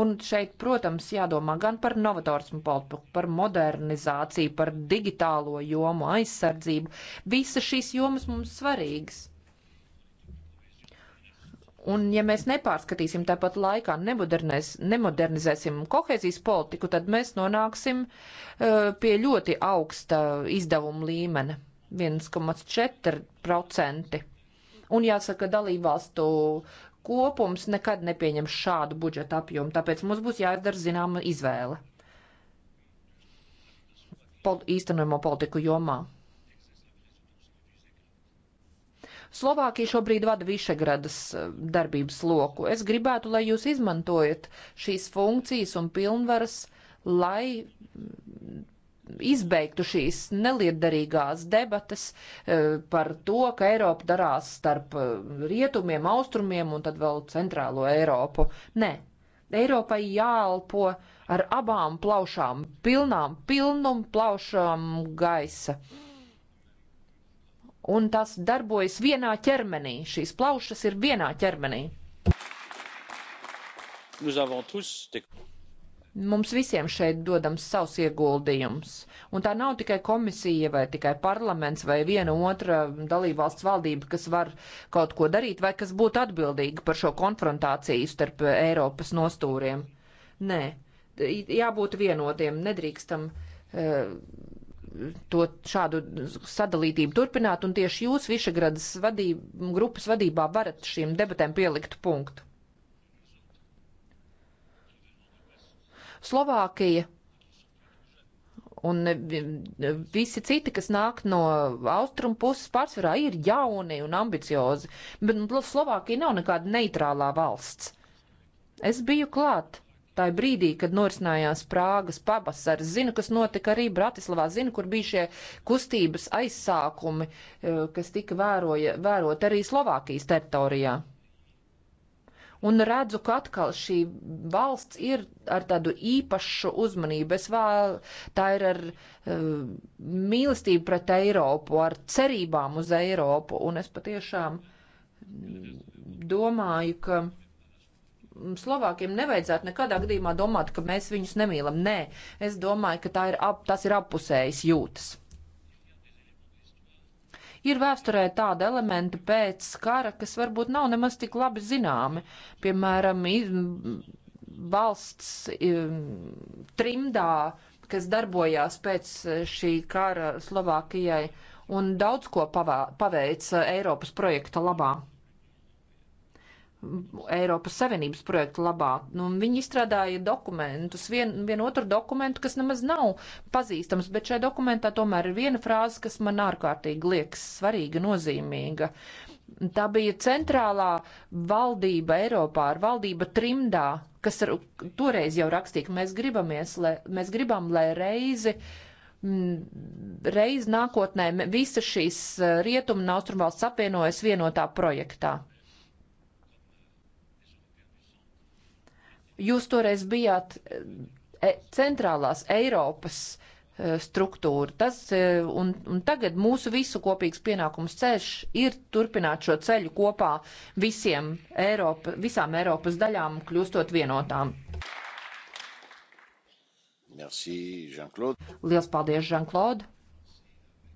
Un šeit, protams, jādomā gan par novatorismu politiku, par modernizāciju, par digitālo jomu, aizsardzību. Visas šīs jomas mums svarīgas. Un ja mēs nepārskatīsim tāpat laikā, nemodernizēsim kohēzijas politiku, tad mēs nonāksim uh, pie ļoti augsta izdevuma līmena - 1,4%. Un jāsaka, dalībvalstu kopums nekad nepieņem šādu budžeta apjomu, tāpēc mums būs jāizdara zināma izvēle pol īstenojamo politiku jomā. Slovākija šobrīd vada Višegradas eh, darbības loku. Es gribētu, lai jūs izmantojat šīs funkcijas un pilnvaras, lai izbeigtu šīs nelietderīgās debatas eh, par to, ka Eiropa darās starp eh, rietumiem, austrumiem un tad vēl centrālo Eiropu. Nē, Eiropai jāelpo ar abām plaušām, pilnām, pilnumu plaušām gaisa un tas darbojas vienā ķermenī. Šīs plaušas ir vienā ķermenī.
Nous avons tous des...
Mums visiem šeit dodams savs ieguldījums. Un tā nav tikai komisija vai tikai parlaments vai viena otra dalībvalsts valdība, kas var kaut ko darīt vai kas būtu atbildīga par šo konfrontāciju starp Eiropas nostūriem. Nē, jābūt vienotiem, nedrīkstam. Uh, to šādu sadalītību turpināt, un tieši jūs Višegradas vadība, grupas vadībā varat šīm debatēm pielikt punktu. Slovākija un visi citi, kas nāk no austrumu puses, pārsvarā ir jauni un ambiciozi. Bet nu, Slovākija nav nekāda neitrālā valsts. Es biju klāt. Tā ir brīdī, kad norisinājās Prāgas pavasaris. Zinu, kas notika arī Bratislavā. Zinu, kur bija šie kustības aizsākumi, eh, kas tika vēroja, vērot arī Slovākijas teritorijā un redzu, ka atkal šī valsts ir ar tādu īpašu uzmanību. Es vēl tā ir ar uh, mīlestību pret Eiropu, ar cerībām uz Eiropu, un es patiešām domāju, ka. Slovākiem nevajadzētu nekādā gadījumā domāt, ka mēs viņus nemīlam. Nē, es domāju, ka ir ap, tas ir appusējas jūtas. Ir vēsturē tāda elementa pēc kara, kas varbūt nav nemaz tik labi zināmi. Piemēram, valsts trimdā, kas darbojās pēc šī kara Slovākijai un daudz ko paveica Eiropas projekta labā. Eiropas Savienības projektu labā. Nu, viņi izstrādāja dokumentus, vien, vienu otru dokumentu, kas nemaz nav pazīstams, bet šajā dokumentā tomēr ir viena frāze, kas man ārkārtīgi liekas svarīga, nozīmīga. Tā bija centrālā valdība Eiropā, ar valdība trimdā, kas ar, toreiz jau rakstīja, ka mēs, gribamies, lai, mēs gribam, lai reizi, mm, reiz nākotnē visas šīs eh, rietumu un austrumvalsts apvienojas vienotā projektā. Jūs toreiz bijāt eh, e, centrālās Eiropas eh, struktūra. Tas, eh, un, un tagad mūsu visu kopīgs pienākums ceļš ir turpināt šo ceļu kopā visiem Eiropa, visām Eiropas daļām, kļūstot vienotām. Merci, Jean-Claude. Lielas paldies, Jean-Claude.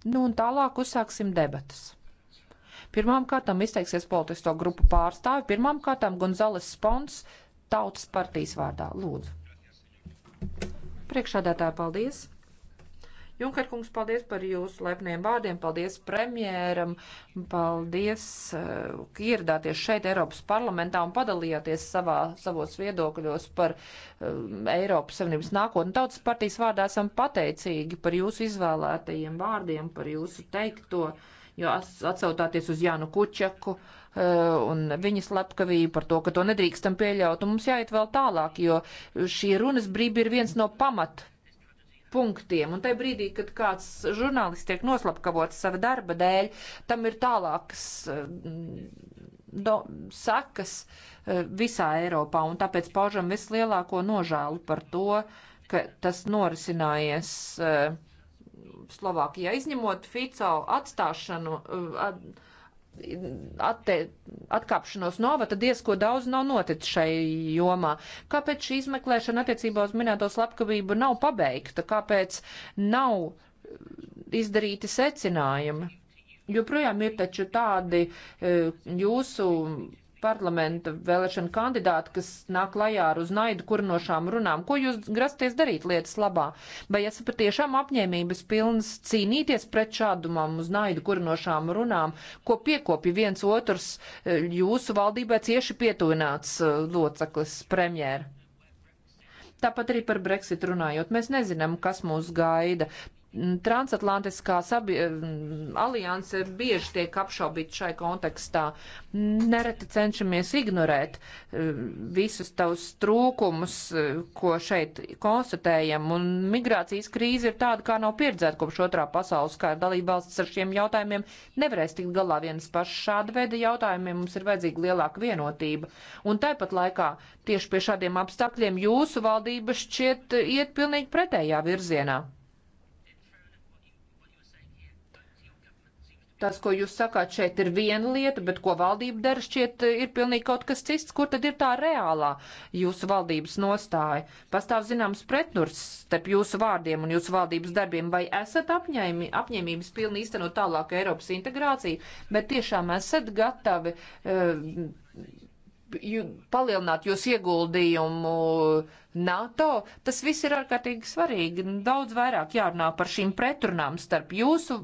Nu un tālāk uzsāksim debatas. Pirmām kārtām izteiksies politisko grupu pārstāvi. Pirmām kārtām Gonzales Spons tautas partijas vārdā. Lūdzu. Priekšādātāji, paldies! Junkerkungs, paldies par jūsu laipniem vārdiem, paldies premjēram, paldies, ka uh, ieradāties šeit Eiropas parlamentā un padalījāties savā, savos viedokļos par um, Eiropas Savienības nākotni. Tautas partijas vārdā esam pateicīgi par jūsu izvēlētajiem vārdiem, par jūsu teikto. Uh, jo atsautāties uz Jānu Kučaku eh, un viņa slepkavību par to, ka to nedrīkstam pieļaut, un mums jāiet vēl tālāk, jo šī runas brība ir viens no pamat punktiem. Un tajā brīdī, kad kāds žurnālists tiek noslapkavots sava darba dēļ, tam ir tālākas eh, do, sakas eh, visā Eiropā. Un tāpēc paužam vislielāko nožēlu par to, ka tas norisinājies. Uh, Slovākijā, izņemot Fico atstāšanu, uh, atte, atkāpšanos no avata, diez ko daudz nav noticis šai jomā. Kāpēc šī izmeklēšana attiecībā uz minēto slepkavību nav pabeigta? Kāpēc nav izdarīti secinājumi? Joprojām ir taču tādi uh, jūsu parlamenta vēlēšana kandidāti, kas nāk klajā ar uz naidu kurinošām runām. Ko jūs grasties darīt lietas labā? Vai esat patiešām apņēmības pilns cīnīties pret šādumam uz naidu kurinošām runām, ko piekopja viens otrs e, jūsu valdībai cieši pietuvināts e, loceklis premjēra? Tāpat arī par Brexit runājot, mēs nezinām, kas mūs gaida transatlantiskā sabi, alianse bieži tiek apšaubīta šai kontekstā. Nereti cenšamies ignorēt visus tavus trūkumus, ko šeit konstatējam, un migrācijas krīze ir tāda, kā nav pieredzēta kopš otrā pasaules kara dalībvalsts ar šiem jautājumiem. Nevarēs tikt galā vienas pašas šāda veida jautājumiem, mums ir vajadzīga lielāka vienotība. Un tāpat laikā tieši pie šādiem apstākļiem jūsu valdība šķiet iet pilnīgi pretējā virzienā. Tas, ko jūs sakāt, šeit ir viena lieta, bet ko valdība dara, šķiet, ir pilnīgi kaut kas cits. Kur tad ir tā reālā jūsu valdības nostāja? Pastāv zināms pretnurs starp jūsu vārdiem un jūsu valdības darbiem. Vai esat apņēmi, apņēmības pilni īstenot tālāku Eiropas integrāciju, bet tiešām esat gatavi. Uh, palielināt jūsu ieguldījumu NATO, tas viss ir ārkārtīgi svarīgi. Daudz vairāk jārunā par šīm pretrunām starp jūsu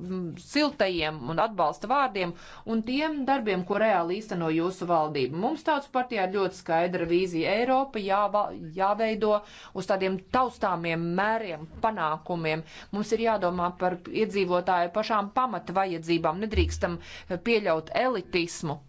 siltajiem un atbalsta vārdiem un tiem darbiem, ko reāli īsteno jūsu valdība. Mums tautas partijā ir ļoti skaidra vīzija Eiropa, jāva, jāveido uz tādiem taustāmiem mēriem, panākumiem. Mums ir jādomā par iedzīvotāju pašām pamata vajadzībām, nedrīkstam pieļaut elitismu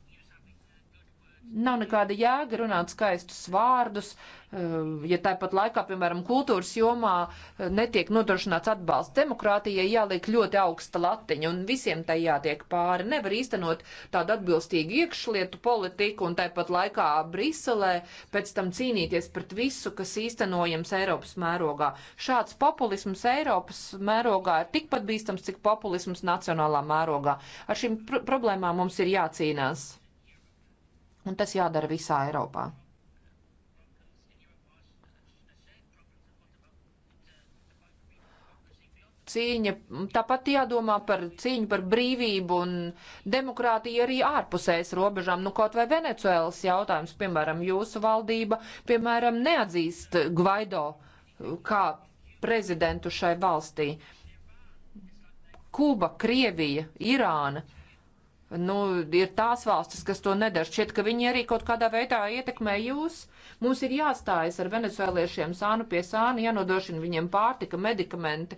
Nav nekāda jēga runāt skaistus vārdus, eh, ja tāpat laikā, piemēram, kultūras jomā eh, netiek nodrošināts atbalsts demokrātijai, jāliek ļoti augsta latiņa un visiem tai jātiek pāri. Nevar īstenot tādu atbilstīgu iekšlietu politiku un tāpat laikā Briselē pēc tam cīnīties pret visu, kas īstenojams Eiropas mērogā. Šāds populisms Eiropas mērogā ir tikpat bīstams, cik populisms nacionālā mērogā. Ar šīm pr problēmām mums ir jācīnās un tas jādara visā Eiropā. cīņa, tāpat jādomā par cīņu par brīvību un demokrātiju arī ārpusējas robežām. Nu, kaut vai Venecuēlas jautājums, piemēram, jūsu valdība, piemēram, neatzīst Gvaido kā prezidentu šai valstī. Kuba, Krievija, Irāna Nu, ir tās valstis, kas to nedara. Šķiet, ka viņi arī kaut kādā veidā ietekmē jūs. Mums ir jāstājas ar venezuēliešiem sānu pie sāna, jānodrošina viņiem pārtika, medikamenti.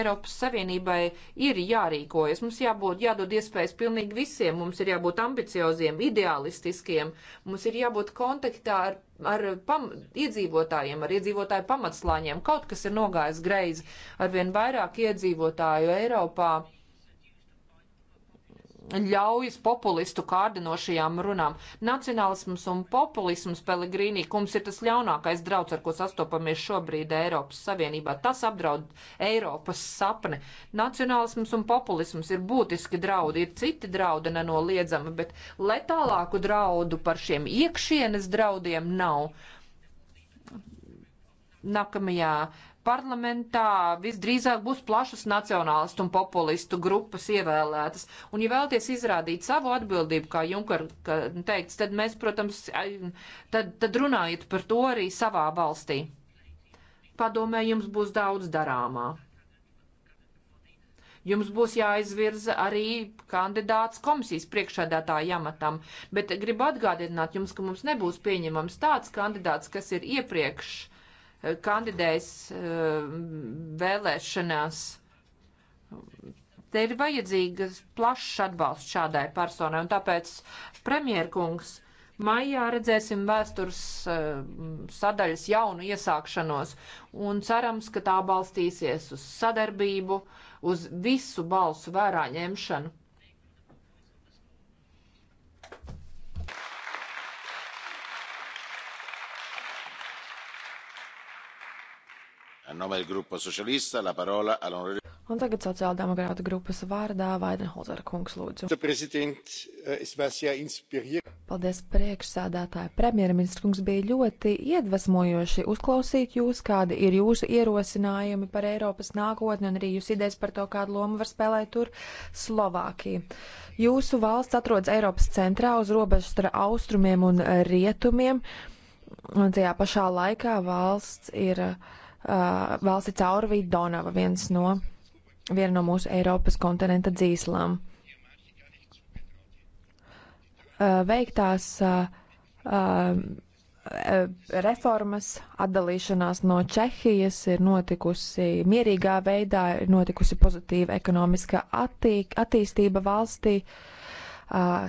Eiropas Savienībai ir jārīkojas. Mums jābūt, jādod iespējas pilnīgi visiem. Mums ir jābūt ambicioziem, ideālistiskiem. Mums ir jābūt kontaktā ar ar pam, iedzīvotājiem, ar iedzīvotāju pamatslāņiem. Kaut kas ir nogājis greizi, arvien vairāk iedzīvotāju Eiropā ļaujas populistu kārdinošajām runām. Nacionālisms un populisms, Pelegrīnī, kungs ir tas ļaunākais draudz, ar ko sastopamies šobrīd Eiropas Savienībā. Tas apdraud Eiropas sapni. Nacionālisms un populisms ir būtiski draudi, ir citi draudi nenoliedzami, bet letālāku draudu par šiem iekšienes draudiem nav nākamajā parlamentā visdrīzāk būs plašas nacionālistu un populistu grupas ievēlētas. Un, ja vēlaties izrādīt savu atbildību, kā Junker teica, tad mēs, protams, tad, tad runājiet par to arī savā valstī. Padomē, jums būs daudz darāmā. Jums būs jāizvirza arī kandidāts komisijas priekšādātāja amatam, bet gribu atgādināt jums, ka mums nebūs pieņemams tāds kandidāts, kas ir iepriekš uh, kandidēs eh, vēlēšanās. Te ir vajadzīgas plašs atbalsts šādai personai, un tāpēc premjerkungs. Maijā redzēsim vēstures eh, sadaļas jaunu iesākšanos un cerams, ka tā balstīsies uz sadarbību, uz visu balsu vērā ņemšanu.
Un tagad sociāldemokrāta grupas vārdā Vaidenholzer kungs lūdzu. Eh, Paldies priekšsādātāji. Premjerministrs kungs bija ļoti iedvesmojoši uzklausīt jūs, kādi ir jūsu ierosinājumi par Eiropas nākotni un arī jūs idejas par to, kādu lomu var spēlēt tur Slovākija. Jūsu valsts atrodas Eiropas centrā uz robežas ar austrumiem un rietumiem, un tajā pašā laikā valsts ir. Uh, Uh, valsti caurvīja Donava, viens no, viena no mūsu Eiropas kontinenta dzīslām. Uh, veiktās uh, reformas atdalīšanās no Čehijas ir notikusi mierīgā veidā, ir notikusi pozitīva ekonomiska attī attīstība valstī.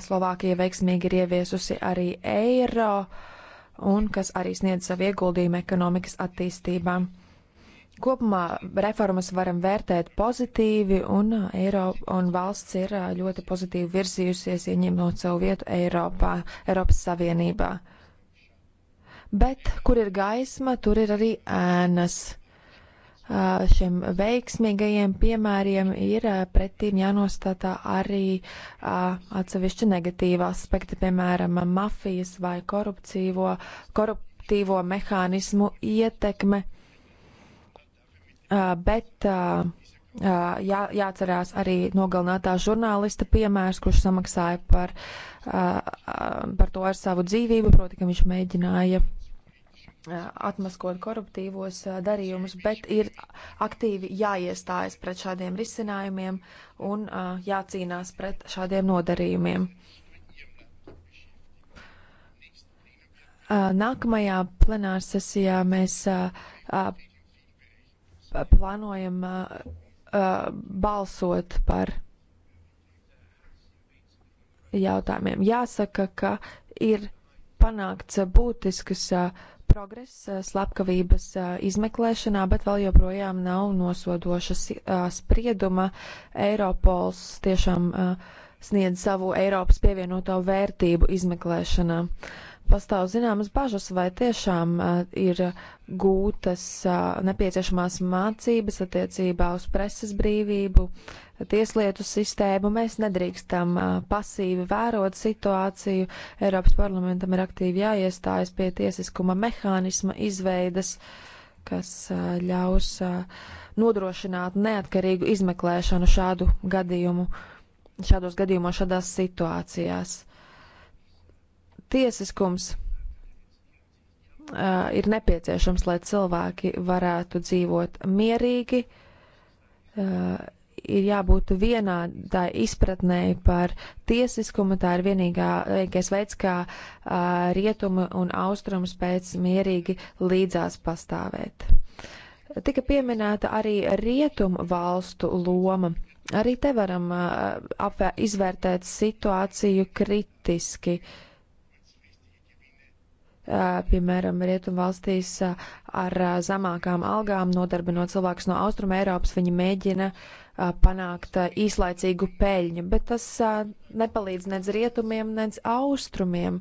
Slovākija veiksmīgi ir ieviesusi arī eiro. Uh, un kas arī sniedz savu ieguldījumu ekonomikas attīstībā. Kopumā reformas varam vērtēt pozitīvi, un Eiropa un valsts ir ļoti pozitīvi virzījusies, ieņemot savu vietu Eiropā, Eiropas Savienībā. Bet, kur ir gaisma, tur ir arī ēnas šiem veiksmīgajiem piemēriem ir pretīm jānostatā arī atsevišķi negatīvā aspekta, piemēram, mafijas vai korupcīvo, koruptīvo mehānismu ietekme. Bet jā, jāatcerās arī nogalinātā žurnālista piemērs, kurš samaksāja par, par to ar savu dzīvību, proti, ka viņš mēģināja atmaskot koruptīvos darījumus, bet ir aktīvi jāiestājas pret šādiem risinājumiem un jācīnās pret šādiem nodarījumiem. Nākamajā plenārsesijā mēs plānojam balsot par jautājumiem. Jāsaka, ka ir panākts būtisks progress slepkavības izmeklēšanā, bet vēl joprojām nav nosodoša sprieduma. Eiropols tiešām sniedz savu Eiropas pievienoto vērtību izmeklēšanā. Pastāv zināmas bažas, vai tiešām ir gūtas nepieciešamās mācības attiecībā uz preses brīvību, tieslietu sistēmu. Mēs nedrīkstam pasīvi vērot situāciju. Eiropas parlamentam ir aktīvi jāiestājas pie tiesiskuma mehānisma izveidas, kas ļaus nodrošināt neatkarīgu izmeklēšanu šādu gadījumu, šādos gadījumos, šādās situācijās. Tiesiskums ir nepieciešams, lai cilvēki varētu dzīvot mierīgi ir jābūt vienādai izpratnē par tiesiskumu. Tā ir vienīgais veids, kā uh, rietumi un austrumi spēc mierīgi līdzās pastāvēt. Tika pieminēta arī rietumu valstu loma. Arī te varam uh, apvē, izvērtēt situāciju kritiski. Uh, piemēram, Rietumvalstīs ar zemākām algām nodarbinot cilvēkus no Austruma Eiropas, viņi mēģina uh, panākt īslaicīgu peļņu, bet tas nepalīdz nedz rietumiem, nedz austrumiem.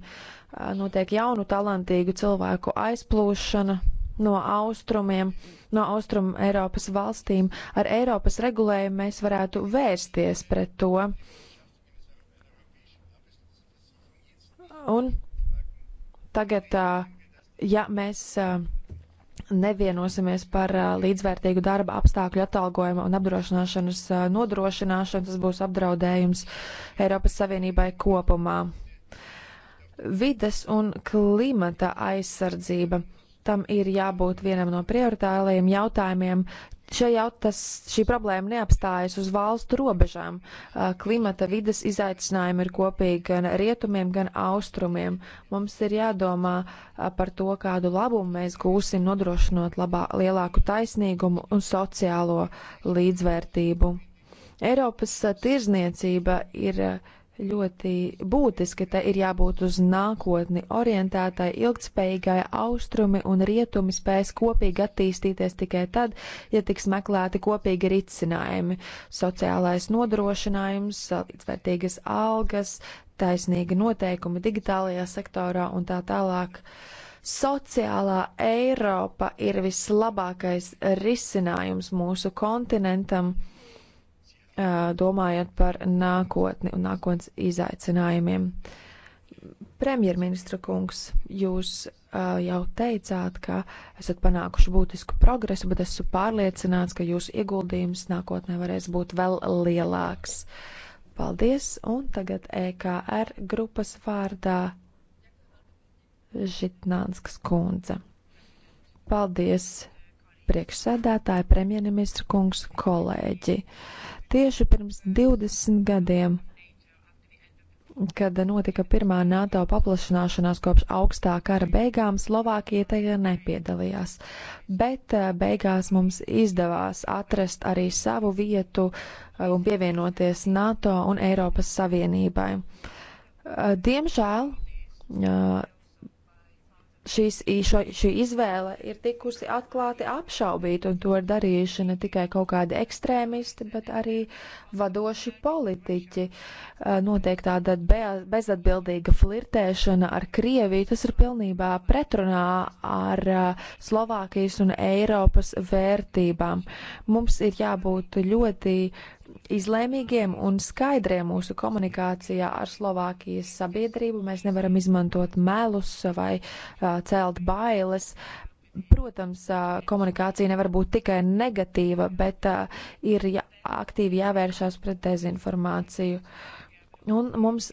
Notiek jaunu talantīgu cilvēku aizplūšana no austrumiem, no austrumu Eiropas valstīm. Ar Eiropas regulējumu mēs varētu vērsties pret to. Un tagad, ja mēs nevienosimies par līdzvērtīgu darba apstākļu atalgojuma un apdrošināšanas nodrošināšanu, tas būs apdraudējums Eiropas Savienībai kopumā. Vides un klimata aizsardzība tam ir jābūt vienam no prioritālajiem jautājumiem. Jaut, tas, šī problēma neapstājas uz valstu robežām. Klimata vidas izaicinājumi ir kopīgi gan rietumiem, gan austrumiem. Mums ir jādomā par to, kādu labumu mēs gūsim, nodrošinot labā, lielāku taisnīgumu un sociālo līdzvērtību. Eiropas tirzniecība ir uh, ļoti būtiski. Te ir jābūt uz nākotni orientētai, ilgtspējīgai austrumi un rietumi spēs kopīgi attīstīties tikai tad, ja tiks meklēti kopīgi risinājumi - sociālais nodrošinājums, līdzvērtīgas algas, taisnīgi noteikumi digitālajā sektorā un tā tālāk. Sociālā Eiropa ir vislabākais risinājums mūsu kontinentam domājot par nākotni un nākotnes izaicinājumiem. Premjerministra kungs, jūs jau teicāt, ka esat panākuši būtisku progresu, bet esmu pārliecināts, ka jūsu ieguldījums nākotnē varēs būt vēl lielāks. Paldies, un tagad EKR grupas vārdā Žitnānskas kundze. Paldies, priekšsēdētāji, premjerministra kungs, kolēģi. Tieši pirms 20 gadiem, kad notika pirmā NATO paplašanāšanās kopš augstā kara beigām, Slovākija tajā nepiedalījās. Bet eh, beigās mums izdevās atrast arī savu vietu eh, un pievienoties NATO un Eiropas Savienībai. Eh, diemžēl šīs, šo, šī izvēle ir tikusi atklāti apšaubīta, un to ir darījuši ne tikai kaut kādi ekstrēmisti, bet arī vadoši politiķi. Eh, notiek tāda be, bezatbildīga flirtēšana ar Krieviju, tas ir pilnībā pretrunā ar eh, Slovākijas un Eiropas vērtībām. Mums ir jābūt ļoti izlēmīgiem un skaidriem mūsu komunikācijā ar Slovākijas sabiedrību. Mēs nevaram izmantot melus vai uh, celt bailes. Protams, uh, komunikācija nevar būt tikai negatīva, bet uh, ir jā, aktīvi jāvēršās pret dezinformāciju. Un mums